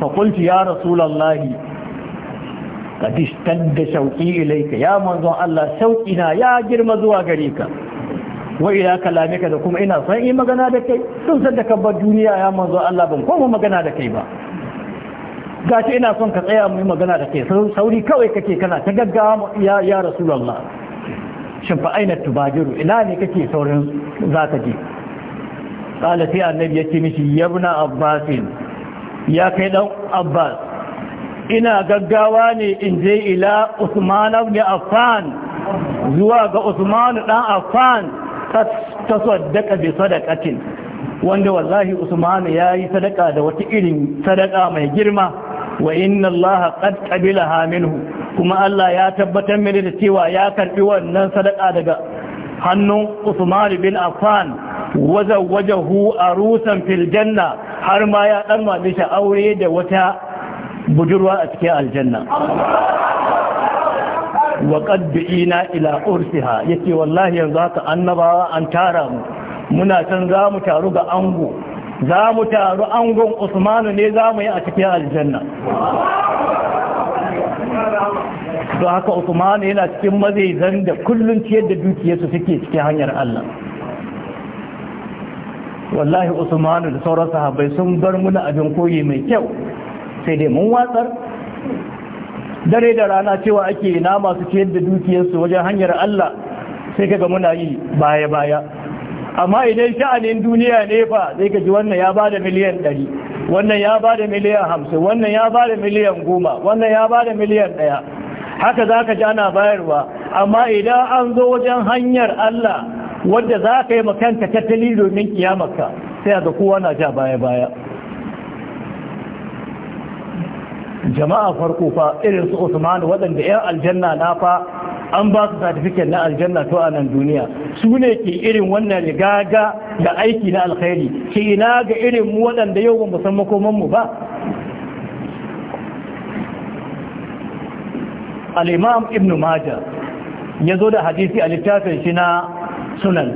fa qultu ya rasulullahi qad da shauqi ilayka ya manzo Allah shauqi na ya girma zuwa gare ka wa ila kalamika da kuma ina son yi magana da kai sun san da kabbar duniya ya manzo Allah ban koma magana da kai ba gashi ina son ka tsaya mu yi magana da kai sauri kawai kake kana ta gaggawa ya ya rasulullah shin fa aina tubajiru ina ne kake saurin zaka je qala sai annabi yace mishi yabna abbasin ya kai dan abbas ina gaggawa ne in je ila usman ibn affan zuwa ga usman dan affan tasaddaka bi sadaqatin wanda wallahi usman yayi sadaka da wata irin sadaka mai girma wa inna allaha qad qabilaha minhu kuma Allah ya tabbatar mini da cewa ya karbi wannan sadaka daga hannun Usman bin Affan wajen wajahu a rusan filjanna har ma ya dan mami shi aure da wata budurwa a cikin aljanna wa qad bi'ina ila ursiha yace wallahi yanzu haka annabawa an tara mu muna san za mu taru ga ango za mu taru angon Usmanu ne za mu yi a cikin aljanna Don haka Usman yana cikin mazaizan da kullum ciyar da dukiyarsu suke cikin hanyar Allah wallahi Usman da sauran sahabbai sun bar muna abin koyi mai kyau sai dai mun watsar dare da rana cewa ake na masu ciyar da dukiyarsu wajen hanyar Allah sai kaga muna yi baya baya amma idan sha'anin duniya ne fa sai kaji wannan ya da miliyan ɗari. wannan ya ba da miliyan hamsin wannan ya ba da miliyan goma wannan ya ba da miliyan ɗaya haka za ka ji ana bayarwa amma idan an zo wajen hanyar Allah wadda za ka yi makanta tattali domin kiyamaka sai ga kowa na ja baya-baya jama'a farko fa irin su Usman waɗanda 'yan aljanna na fa an ba su certificate na aljanna to a nan duniya su ne ke irin wannan rigaga da aiki na alkhairi ke ina ga irin mu waɗanda yau ba musamma koman mu ba al-imam ibn majah ya zo da hadisi a littafin shi na sunan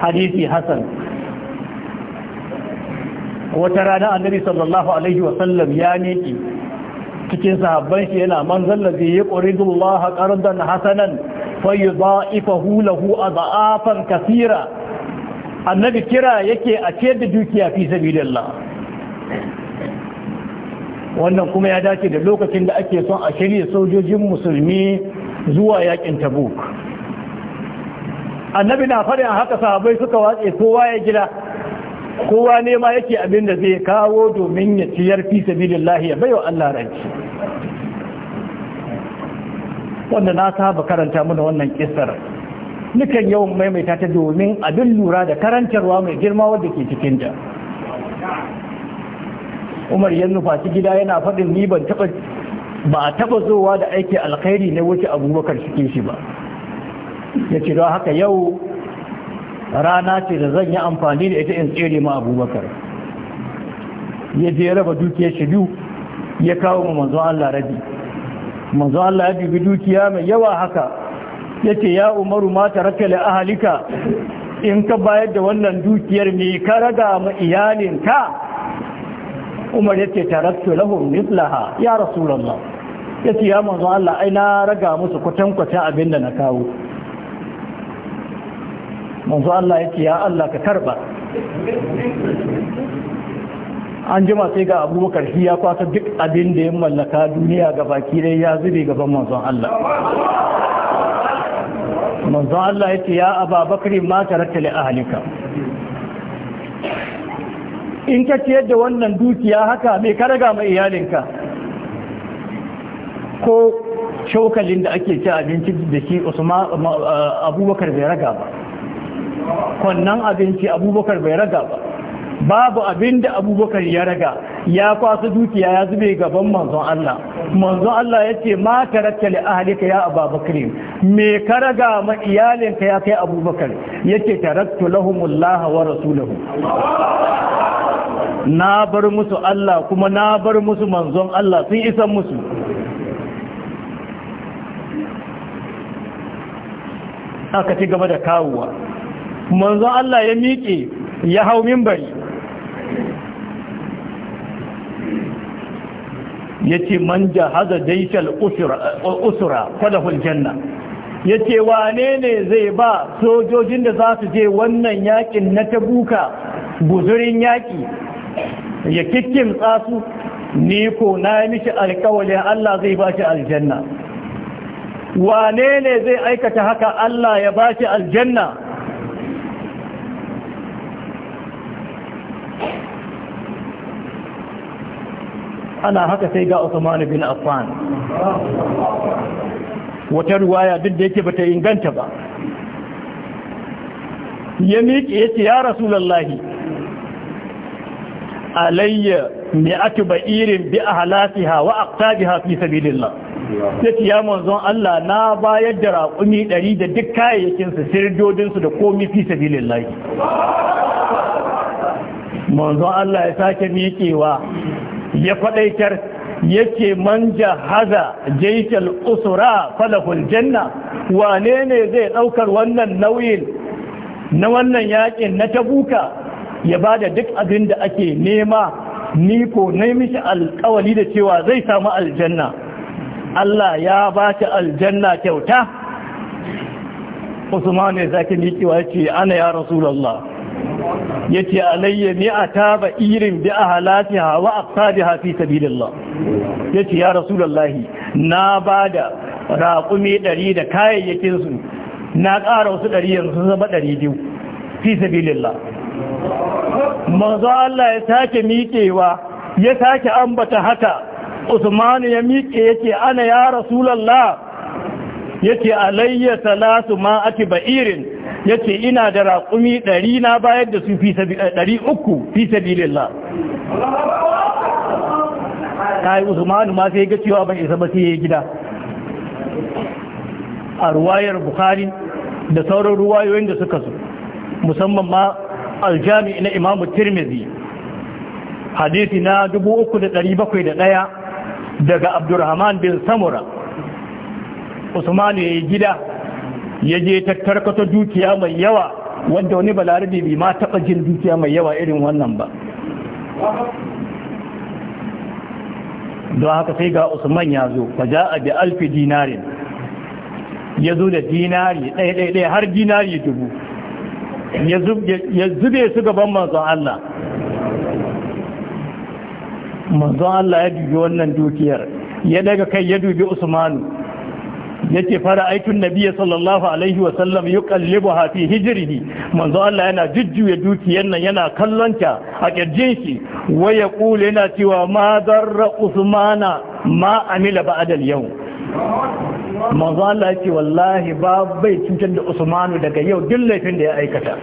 hadisi hasan wata rana annabi sallallahu alaihi wasallam ya neki cikin sahabban shi yana man zallazi ya ƙuridu Allah ƙardan hasanan fayu za'ifahu lahu a za'afan kasira annabi kira yake a ce da dukiya fi sabilillah wannan kuma ya dace da lokacin da ake son a shirya sojojin musulmi zuwa yakin tabuk annabi na faɗin haka sahabbai suka watse kowa ya gida kowa nema yake abin da zai kawo domin ya ciyar fi sabilillahi ya wa Allah ranci wanda na saba karanta mana wannan kisar nukan yawan maimaita ta domin abin lura da karantarwa mai girma wadda ke cikin da. umar ya nufaci gida yana faɗin ni ban taɓa ba a taɓa zowa da aiki alkhairi ne wuce abubakar suke shi ba ya ce don haka yau rana ce da zan yi amfani da ita in tsere ma abubakar ya je raba dukiyar shi biyu ya kawo ma manzo Allah rabi manzo Allah ya bi dukiya mai yawa haka yace ya umaru ma taraka li ahlika in ka bayar da wannan dukiyar me ka raga ma iyalinka umar yace taraktu lahum mithlaha ya rasulullah yace ya manzo Allah ai na raga musu kwatan kwatan abinda na kawo manzo Allah yake ya Allah ka karba an jima sai ga abubakar shi ya kwasa duk abin da ya mallaka duniya ga baki dai ya zube gaban manzon Allah manzon Allah yake ya ababakar ma tarata li ahlika in ka ciyar da wannan dukiya haka mai ka raga mai iyalinka ko shokalin da ake ci abinci da shi abubakar bai raga ba kwannan abinci abubakar bai raga ba babu abin da abubakar ya raga ya kwasa dukiya ya zube gaban manzon Allah manzon Allah ya ce ma karatta li ahlika ya abubakar me ka raga ma iyalinka ya kai abubakar yace taraktu lahumullah wa rasuluhu na bar musu Allah kuma na bar musu manzon Allah sun isa musu aka ci gaba da kawuwa. manzon Allah ya miƙe ya hau mimbari ya ce man jahaza daishal usura falahul janna ya ce wane ne zai ba sojojin da za su je wannan yakin na tabuka guzurin yaki ya kikin tsasu ni ko na mishi alkawalin Allah zai ba shi aljanna wane ne zai aikata haka Allah ya ba shi aljanna ana haka sai ga Usman bin Affan wata ruwaya duk da yake bata inganta ba ya miƙe yace ya rasulullahi alayya mi'atu ba'irin bi ahlatiha wa aqtabiha fi sabilillah yace ya manzon Allah na bayar da raƙumi 100 da duk kayayyakin su sirdodin su da komai fi sabilillah manzon Allah ya sake miƙewa ya faɗaitar yake man ja-haza jaikal usura falahul janna wane ne zai ɗaukar wannan nauyin na wannan yakin na tabuka ya bada duk abin da ake nema ni ko na mishi alkawali da cewa zai samu aljanna Allah ya ba ta aljanna kyauta Usman ne zaki miƙewa ce ana ya rasulullahi Yace ce alayya a taba irin bi a halati hawa a hafi sabilillah ya ya rasulallahi na bada da raƙumi ɗari da kayayyakinsu na ƙara wasu ɗari yanzu zama ɗari biyu fi sabilillah manzo Allah ya sake miƙewa ya sake ambata haka Usmanu ya miƙe yake ana ya Rasulallah yace alayya salatu ma'ati ba'irin yake ina da raƙumi ɗari na bayar da su fi eh, ɗari uku fi sabilillah ta yi usmanu ma sai ga cewa ban isa ba sai ya yi gida a ruwayar bukhari da sauran ruwayoyin da suka su musamman ma aljami na imamu tirmidhi hadisi na 3701 daga abdurrahman bin samura usmanu ya yi gida ya je tattarkato dukiya mai yawa wanda wani balarabe bai ma taɓa jin dukiya mai yawa irin wannan ba don haka sai ga usman ya zo ka ja a bi alfi dinarin ya zo da dinari ɗaya-ɗaya har dinari dubu ya zube su gaban manzon Allah manzon Allah ya dubi wannan dukiyar ya daga kai ya dubi usmanu yace fara aikin Nabiya sallallahu alaihi wa sallam yuqallibuha fi hijrihi manzo Allah yana jujjuya dukiyar nan yana kallonta a kirjin shi wa kula yana cewa ma darra usmana ma amila ba adal yau manzo Allah yace wallahi ba bai cutar da usmanu daga yau duk laifin da ya aikata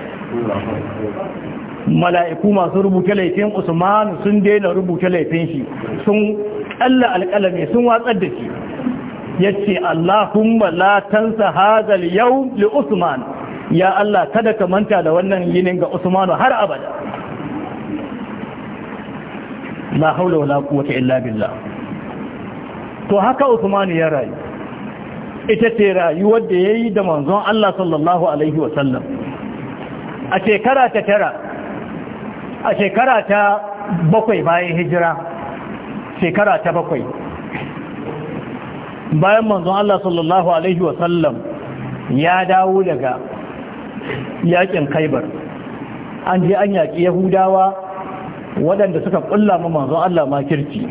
mala'iku masu rubuta laifin usmanu sun daina rubuta laifin shi sun kalla alƙalami sun watsar da shi yace Allahumma la tansa hadal yawm li Usman ya Allah kada ka manta da wannan yinin ga Usman har abada la haula wala quwwata illa billah to haka Usman ya rayu ita ce rayuwar da yayi da manzon Allah sallallahu alaihi wa sallam a shekara ta tara a shekara ta bakwai bayan hijira shekara ta bakwai bayan manzon Allah sallallahu alaihi wasallam ya dawo daga yakin ka'ibar, an je an yaƙi Yahudawa waɗanda suka ƙulla ma manzon Allah makirci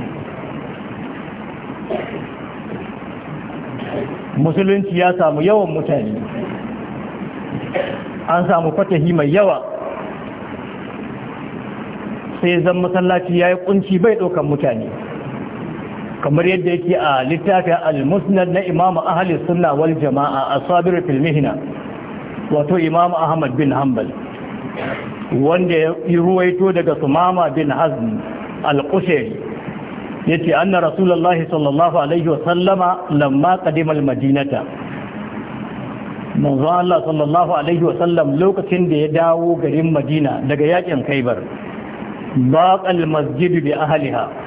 musulunci ya samu yawan mutane an samu fatahi mai yawa sai zan masallaci ya yi kunci bai ɗaukan mutane kamar yadda yake a littafin al-musnad na imam ahli sunna wal jama'a asabir fil mihna wato Imam ahmad bin hanbal wanda ya ruwaito daga sumama bin hazm al-qushayri yace anna rasulullahi sallallahu alaihi wa sallama lamma qadima madinata manzo Allah sallallahu alaihi wa sallam lokacin da ya dawo garin Madina daga yakin Khaibar baqal masjid bi ahliha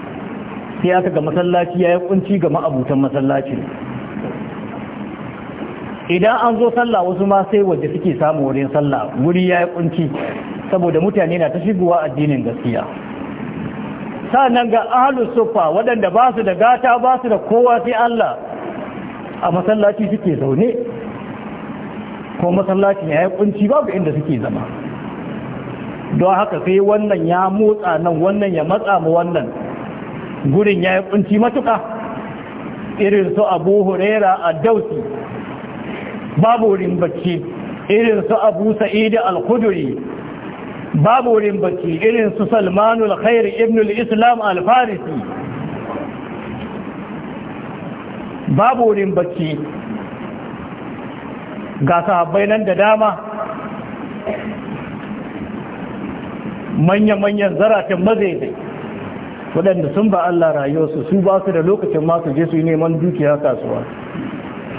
sai aka ga masallaci ya yi kunci ga ma'abutan masallacin idan an zo sallah wasu ma sai wadda suke samu wurin sallah wuri ya yi kunci saboda mutane na ta shigowa addinin gaskiya sannan ga ahalus sufa waɗanda ba su da gata ba su da kowa sai Allah a masallaci suke zaune ko masallacin ya yi kunci babu inda suke zama don haka sai wannan ya motsa nan wannan ya matsa mu wannan gurin ya yi kunci matuka irin su abu huraira a dausi babu wurin bacci irin su abu sa'idi al-kuduri babu wurin bacci irin su salmanul khair ibn al-islam al-farisi babu wurin bacci ga sahabbai nan da dama manya-manyan zarafin mazaidai waɗanda sun ba Allah rayuwarsu su ba su da lokacin masu je su yi neman dukiya kasuwa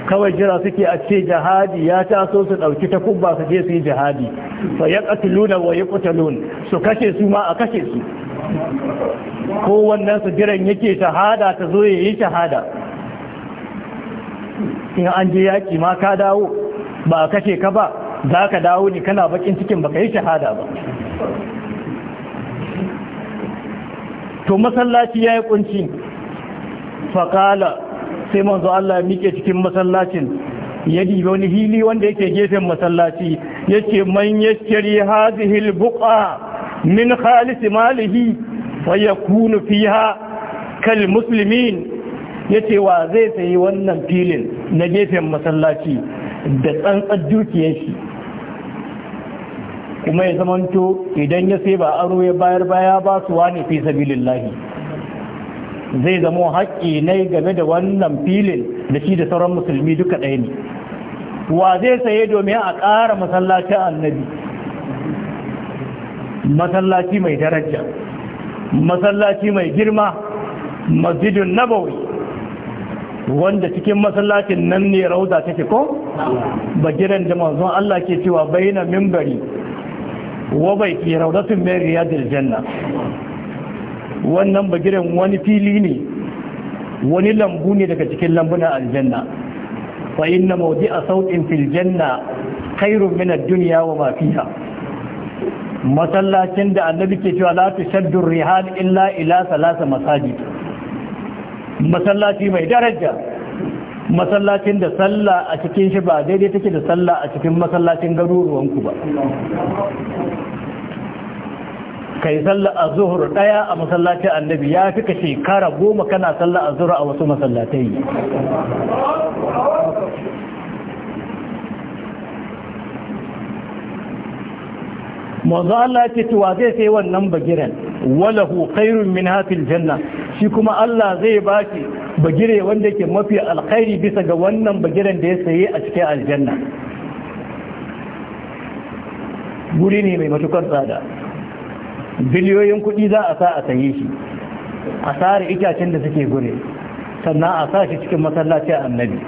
kawai jira suke a ce jihadi ya taso su ɗauki ta kubba su je su yi jihadi fa ya ƙatiluna wa ya su kashe su ma a kashe su Ko wannan su jiran yake shahada ta zo ya yi shahada in an je yaki ma ka dawo ba a kashe ka ba za ka dawo ne kana bakin cikin baka yi shahada ba to masallaci ya yi kunci faƙala sai manzo Allah mike cikin masallacin ya dibi wani hili wanda yake gefen masallaci ya ce man ya shiri hazihil buƙa min khalisi malihi ya kunu fiha kal musulmin ya ce wa zai sayi wannan filin na gefen masallaci da tsantsar dukiyar shi kuma ya zamanto idan ya sai ba aro ya bayar baya ba su wani fi lahi. zai zama haƙƙi ne game da wannan filin da shi da sauran musulmi duka ɗaya ne wa zai saye domin a ƙara masallacin annabi masallaci mai daraja masallaci mai girma masjidun nabawi wanda cikin masallacin nan ne rauza take ko Ba bagiran da manzon Allah ke cewa bayyana minbari wa bai ki raudatun mai riyadil janna wannan bagiren wani fili ne wani lambu ne daga cikin lambuna aljanna fa inna a sautin filjanna janna khairun min ad-dunya wa ma fiha masallacin da annabi ke cewa la tushaddu rihal illa ila salasa masajid masallaci mai daraja masallacin da sallah a cikin shi ba daidai take da sallah a cikin masallacin garuruwanku ba kai sallah a zuhur daya a masallacin annabi ya fi ka shekara goma kana sallah a zuhur a wasu masallatai manzo Allah ya ce to wa zai sai wannan bagiren walahu khairun min hafil janna shi kuma Allah zai baki bagire wanda yake mafi alkhairi bisa ga wannan bagiren da ya saye a cikin aljanna guri ne mai matukar tsada biliyoyin kuɗi za a sa a saye shi a sare itacen da suke gure sannan a sa shi cikin masallaci annabi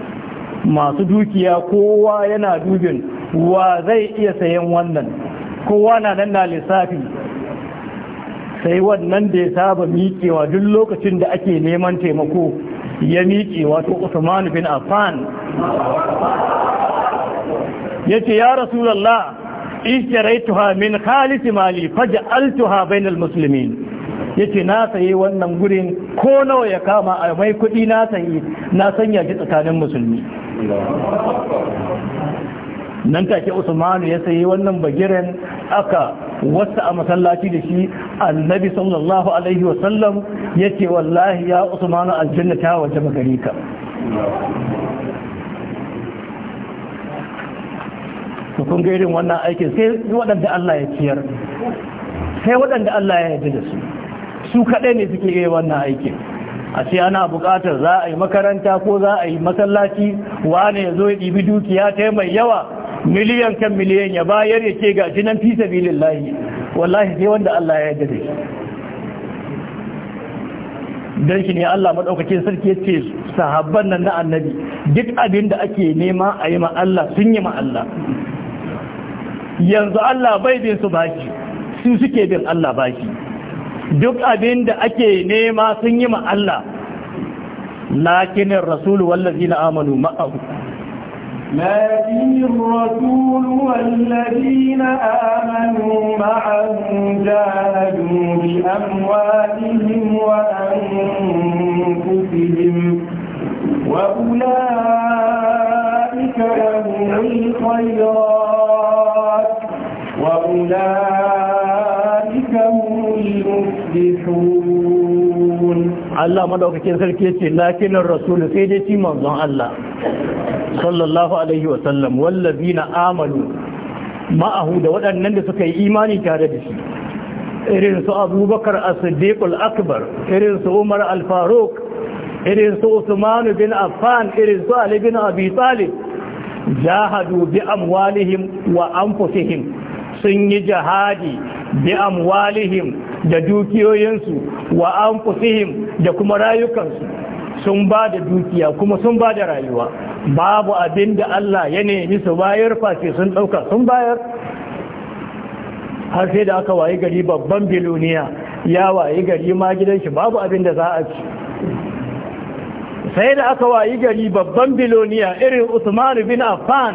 masu dukiya kowa yana dubin wa zai iya sayan wannan kowa na nan na lissafi sai wannan da ya saba miƙewa duk lokacin da ake neman taimako ya miƙe ko Usman bin Affan yace ya Rasulullah ishtaraituha min khalis mali faj'altuha bainal muslimin yace na saye wannan gurin ko nawa ya kama a mai kuɗi na sanya na sanya shi tsakanin musulmi nan take usmanu ya sayi wannan bagiren aka wasa a masallaci da shi annabi sallallahu alaihi wasallam ya ce wallahi ya usmanu aljanna ta waje magari ka kun ga irin wannan aikin sai waɗanda Allah ya ciyar sai waɗanda Allah ya yarda da su su kaɗai ne suke yi wannan aikin a ce ana buƙatar za a yi makaranta ko za a yi masallaci wane ya zo ya ɗibi dukiya ta mai yawa miliyan kan miliyan ya bayar ya ce ga jinan fi layi wallahi sai wanda Allah ya yarda da shi shi ne Allah maɗaukacin sarki ce sahabban nan na annabi duk abin da ake nema a yi ma Allah sun yi ma Allah yanzu Allah bai bin su baki su suke bin Allah baki duk abin da ake nema sun yi ma Allah lakinin rasulu na amanu ma'ahu لكن الرسول والذين آمنوا معه جاهدوا بأموالهم وأنفسهم وأولئك لهم الخيرات وأولئك هم المفلحون Allah madaukakin sarki yace lakinar rasul sai dai ci manzon Allah sallallahu alaihi wa sallam wallazina amanu ma'ahu da waɗannan da suka yi imani tare da shi irin su Abubakar as-Siddiq al-Akbar irin su Umar al-Faruq irin su bin Affan irin su Ali bin Abi Talib jahadu bi amwalihim wa anfusihim sun yi jihadi bi amwalihim da dukiyoyinsu wa anfusihim da kuma rayukansu sun ba da dukiya kuma sun ba da rayuwa babu abin da Allah ya nemi su bayar face sun dauka sun bayar har sai da aka wayi gari babban biloniya ya wayi gari ma gidan babu abin da za a ci sai da aka wayi gari babban biloniya irin Usman bin Affan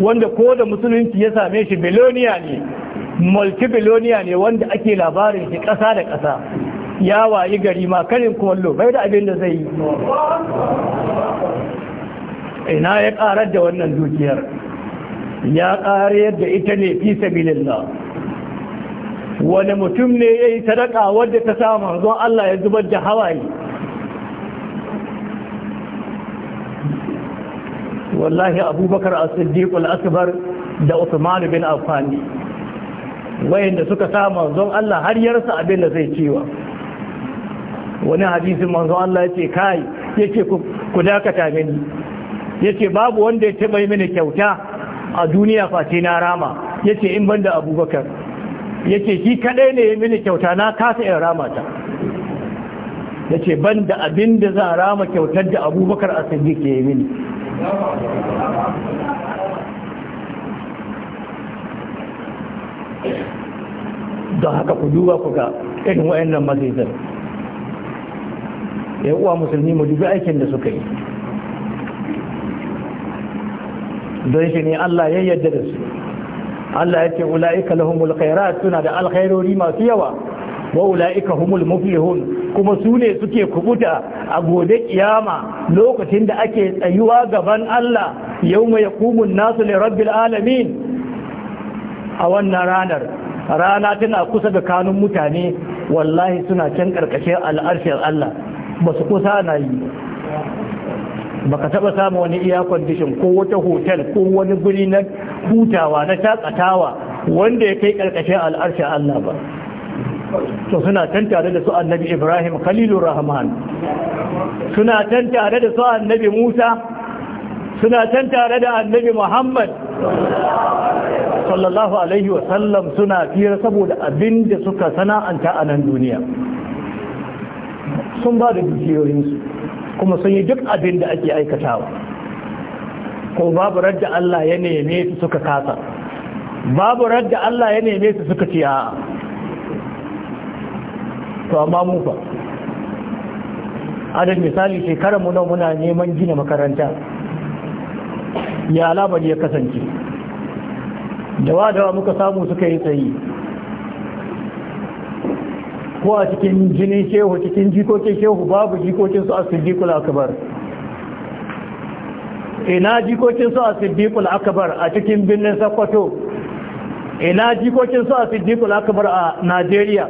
wanda ko da musulunci ya same shi biloniya ne multibiloniya ne wanda ake labarin shi ƙasa da ƙasa ya wayi gari ma karin kumallo bai da abin da zai yi ina ya ƙarar da wannan dukiyar ya ƙarar da ita ne fi na. wani mutum ne ya yi sadaka wadda ta samu manzon Allah ya zubar da hawaye wallahi abubakar as-siddiq da Usman bin Afani. wayanda suka sa manzon Allah har yarsa abin da zai cewa wani hadisi manzon Allah ya ce kai ce ku dakata mini yace babu wanda ya taba mini kyauta a duniya face na rama yace in banda Abubakar yace shi kadai ne ya mini kyauta na kasa in rama ta yace banda abin da za rama kyautar da Abubakar a Siddiq ya yi mini don haka ku duba ku ga irin wayannan mazizan ya uwa musulmi mu dubi aikin da suka yi don shi ne Allah ya yadda da su Allah ya ce ula'ika lahumul khairat suna da alkhairori masu yawa wa ula'ika humul muflihun kuma su ne suke kubuta a gode kiyama lokacin da ake tsayuwa gaban Allah yau mai nasu li rabbil alamin a wannan ranar rana tana kusa da kanun mutane wallahi suna can ƙarƙashin al'arshen Allah ba su kusa na yi ba ka taɓa samun wani air condition ko wata hotel ko wani guri na hutawa na shakatawa wanda ya kai karkashin al'arshin Allah ba to suna can tare da su annabi Ibrahim Khalilur Rahman suna can tare da su annabi Musa suna can tare da annabi Muhammad sallallahu alaihi wasallam suna fira saboda abin da suka sana'anta a nan duniya sun ba da dukiyoyinsu kuma sun yi duk abin da ake aikatawa ko babu radda Allah ya neme su suka kasa babu radda Allah ya neme su suka ciya to amma mu fa adal misali shekaranmu mu muna neman gina makaranta ya labar ya kasance dawa dawa muka samu suka yi tsayi ko a cikin jinin shehu cikin jikokin shehu babu jikokin su a siddikul akabar. ina jikokin su a siddikul akabar a cikin birnin sakwato ina jikokin su a siddikul akabar a Najeriya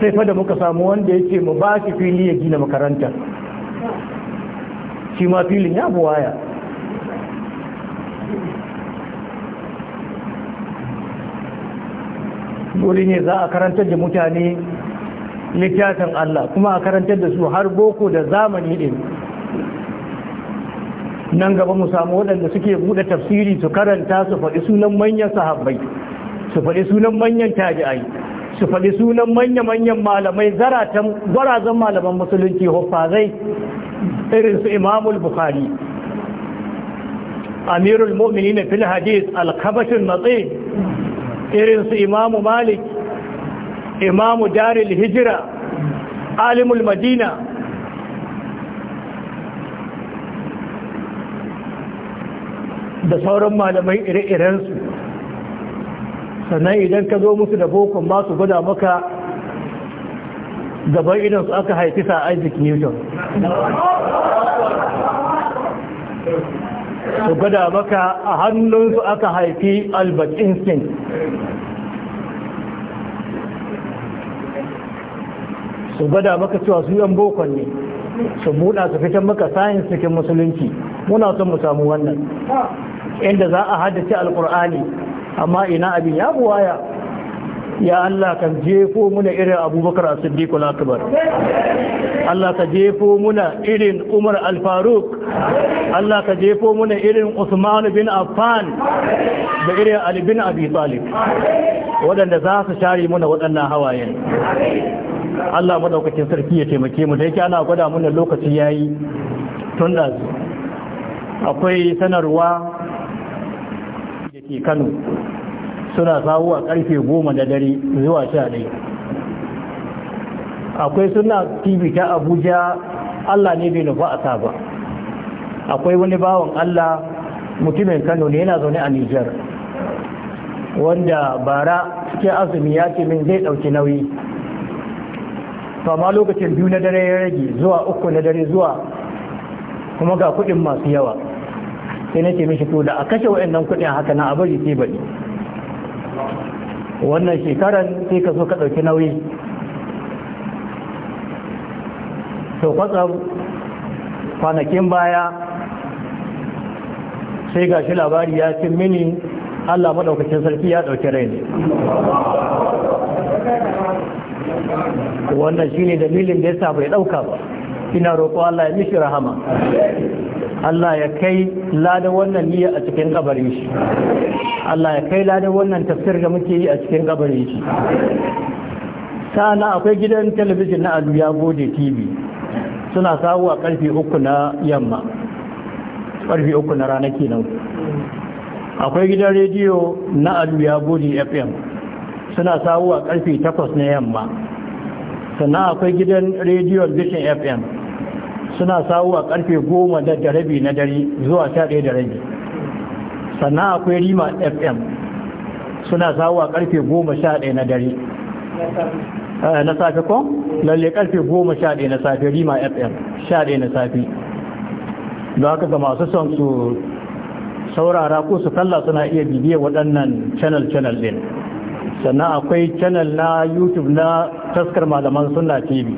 sai fa da muka samu wanda yake mu ba shi fili ya gina makarantar. shi ma filin ya ya Dole ne za a karantar da mutane littafin Allah kuma a karantar da su har boko da zamani ɗin nan gaba mu samu waɗanda suke buɗe tafsiri su karanta su faɗi sunan manyan sahabbai su faɗi sunan manyan tabi'ai su faɗi sunan manya-manyan malamai zaratan gwarazan malaman musulunci hoffa zai. irin su imamul bukhari amirul mu'minin fil hadis al-kabashin matsi irin su imamu malik imamu daril hijira alimul madina da sauran malamai ire-irensu sannan idan ka zo musu da bokon masu gwada maka gaban idan su aka haifi sa Isaac Newton su gada maka a hannunsu aka haifi Albert Einstein su gada maka cewa su yan bokon ne su buɗa su fitan maka sayin cikin musulunci muna son mu samu wannan inda za a haddace alkur'ani amma ina abin ya buwaya ya Allah ka jefo muna irin abubakar a siddiqul akbar Allah ka jefo muna irin umar al Allah ka jefo muna irin usman bin affan da irin ali bin abi talib waɗanda za su share muna waɗannan hawayen Allah maɗaukacin sarki ya taimake mu da yake ana gwada muna lokaci yayi tun da akwai sanarwa da ke Kano suna sawu a karfe goma da dare zuwa sha ɗaya akwai suna tv ta abuja allah ne bai nufa a sa ba akwai wani bawan allah mutumin kano ne yana zaune a nijar wanda bara cikin azumi ya ce min zai ɗauki nauyi fama lokacin biyu na dare ya rage zuwa uku na dare zuwa kuma ga kuɗin masu yawa sai na ce mishi to da a kashe waɗannan kuɗin haka na a bari sai baɗi wannan shekaran sai ka so ka ɗauki nauyi to kwatsam kwanakin baya sai ga shi labari ya cin mini allah maɗaukacin sarki ya ɗauki rai wannan shi ne dalilin da ya sa bai ɗauka ba ina roƙo allah ya mishi rahama Allah ya kai ladan wannan niyya a cikin kabarin shi Allah ya kai ladan wannan tafsir da muke yi a cikin kabarin shi sana akwai gidan talabijin na aluya gode TV suna sawo a karfe uku na yamma karfe uku na rana kenan akwai gidan rediyo na aluya gode FM suna sawo a karfe takwas na yamma sannan akwai gidan rediyon Vision FM suna sawu a karfe goma da rabi na dare zuwa sha da rabi sannan akwai rima fm suna sawu a karfe goma sha na dare eh, na safe ko lalle karfe goma sha na safe rima fm sha na safe da haka ga masu son su saurara ko su kalla suna iya bibiya waɗannan channel channel ɗin sannan akwai channel na youtube na taskar malaman suna tv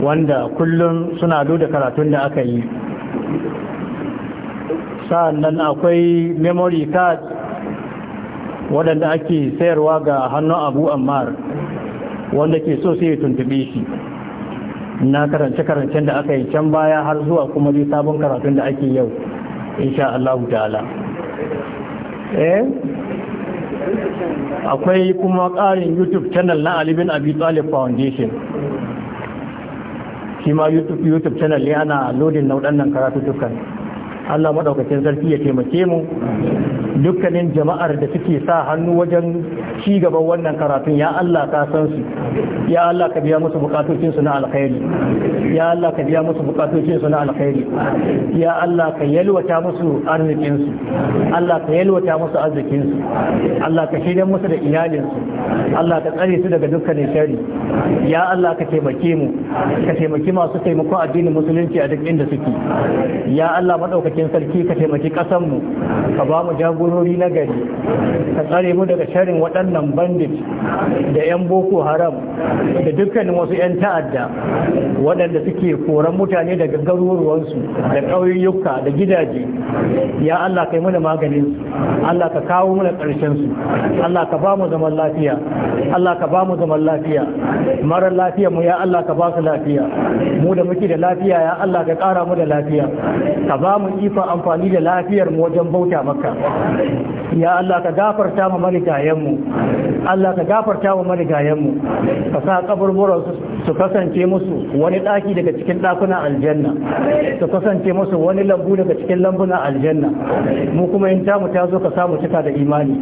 wanda kullum suna da karatun da aka yi sa'annan akwai memory card waɗanda ake sayarwa ga hannun abu ammar wanda ke so sai tuntube shi na karance-karancen da aka yi can baya har zuwa kuma dai sabon karatun da ake yau insha Allah ta'ala eh akwai kuma ƙarin youtube channel na alibin abi talib foundation shi ma youtube channel ne ana lodin na waɗannan karatu dukkan allah maɗaukacin sarki ya taimake mu dukkanin jama'ar da suke sa hannu wajen ci gaban wannan karatun ya Allah ka san su ya Allah ka biya musu bukatocin su na alkhairi ya Allah ka biya musu bukatocin su na alkhairi ya Allah ka yalwata musu arzikin su Allah ka yalwata musu arzikin su Allah ka shirya musu da iyalin su Allah ka tsare su daga dukkanin shari ya Allah ka taimake mu ka taimaki masu taimako addinin musulunci a duk inda suke ya Allah madaukakin sarki ka taimaki kasan mu ka ba mu jago jagorori na gari ka tsare mu daga sharin waɗannan bandit da 'yan boko haram da dukkanin wasu 'yan ta'adda waɗanda suke koran mutane daga garuruwansu da ƙauyuka da gidaje ya Allah kai mana maganin su Allah ka kawo mana ƙarshen su Allah ka ba mu zaman lafiya Allah ka ba mu zaman lafiya marar lafiya mu ya Allah ka ba su lafiya mu da muke da lafiya ya Allah ka ƙara mu da lafiya ka ba mu ifa amfani da lafiyar mu wajen bauta maka ya Allah ka gafarta mu marigayenmu Allah ka gafarta mu marigayenmu ka sa kaburburan su kasance musu wani daki daga cikin dakunan aljanna su kasance musu wani lambu daga cikin lambuna aljanna mu kuma in ta ta zo ka samu cika da imani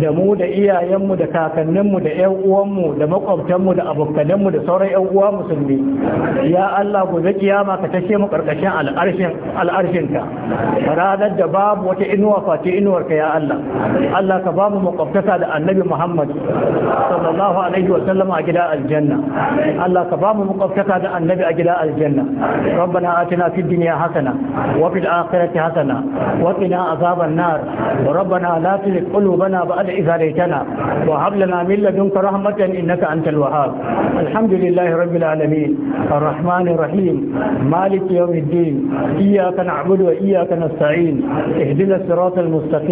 da mu da iyayenmu da kakanninmu da ƴan uwanmu da makwabtanmu da abokaninmu da sauran ƴan uwa musulmi ya Allah gobe kiyama ka tashe mu karkashin al'arshin al'arshinka ranar da babu wata inuwa Fati inuwar albarka ya Allah Allah ka ba mu makwabtaka da annabi Muhammad sallallahu alaihi wa sallam a gida aljanna Allah ka ba mu makwabtaka da annabi a gida aljanna rabbana atina fid dunya hasana wa fil akhirati hasana wa qina azaban nar rabbana la tuzigh qulubana ba'da idh hadaytana wa hab lana min ladunka rahmatan innaka antal wahhab alhamdulillahi rabbil alamin arrahmanir rahim maliki yawmiddin iyyaka na'budu wa iyyaka nasta'in ihdina الصراط المستقيم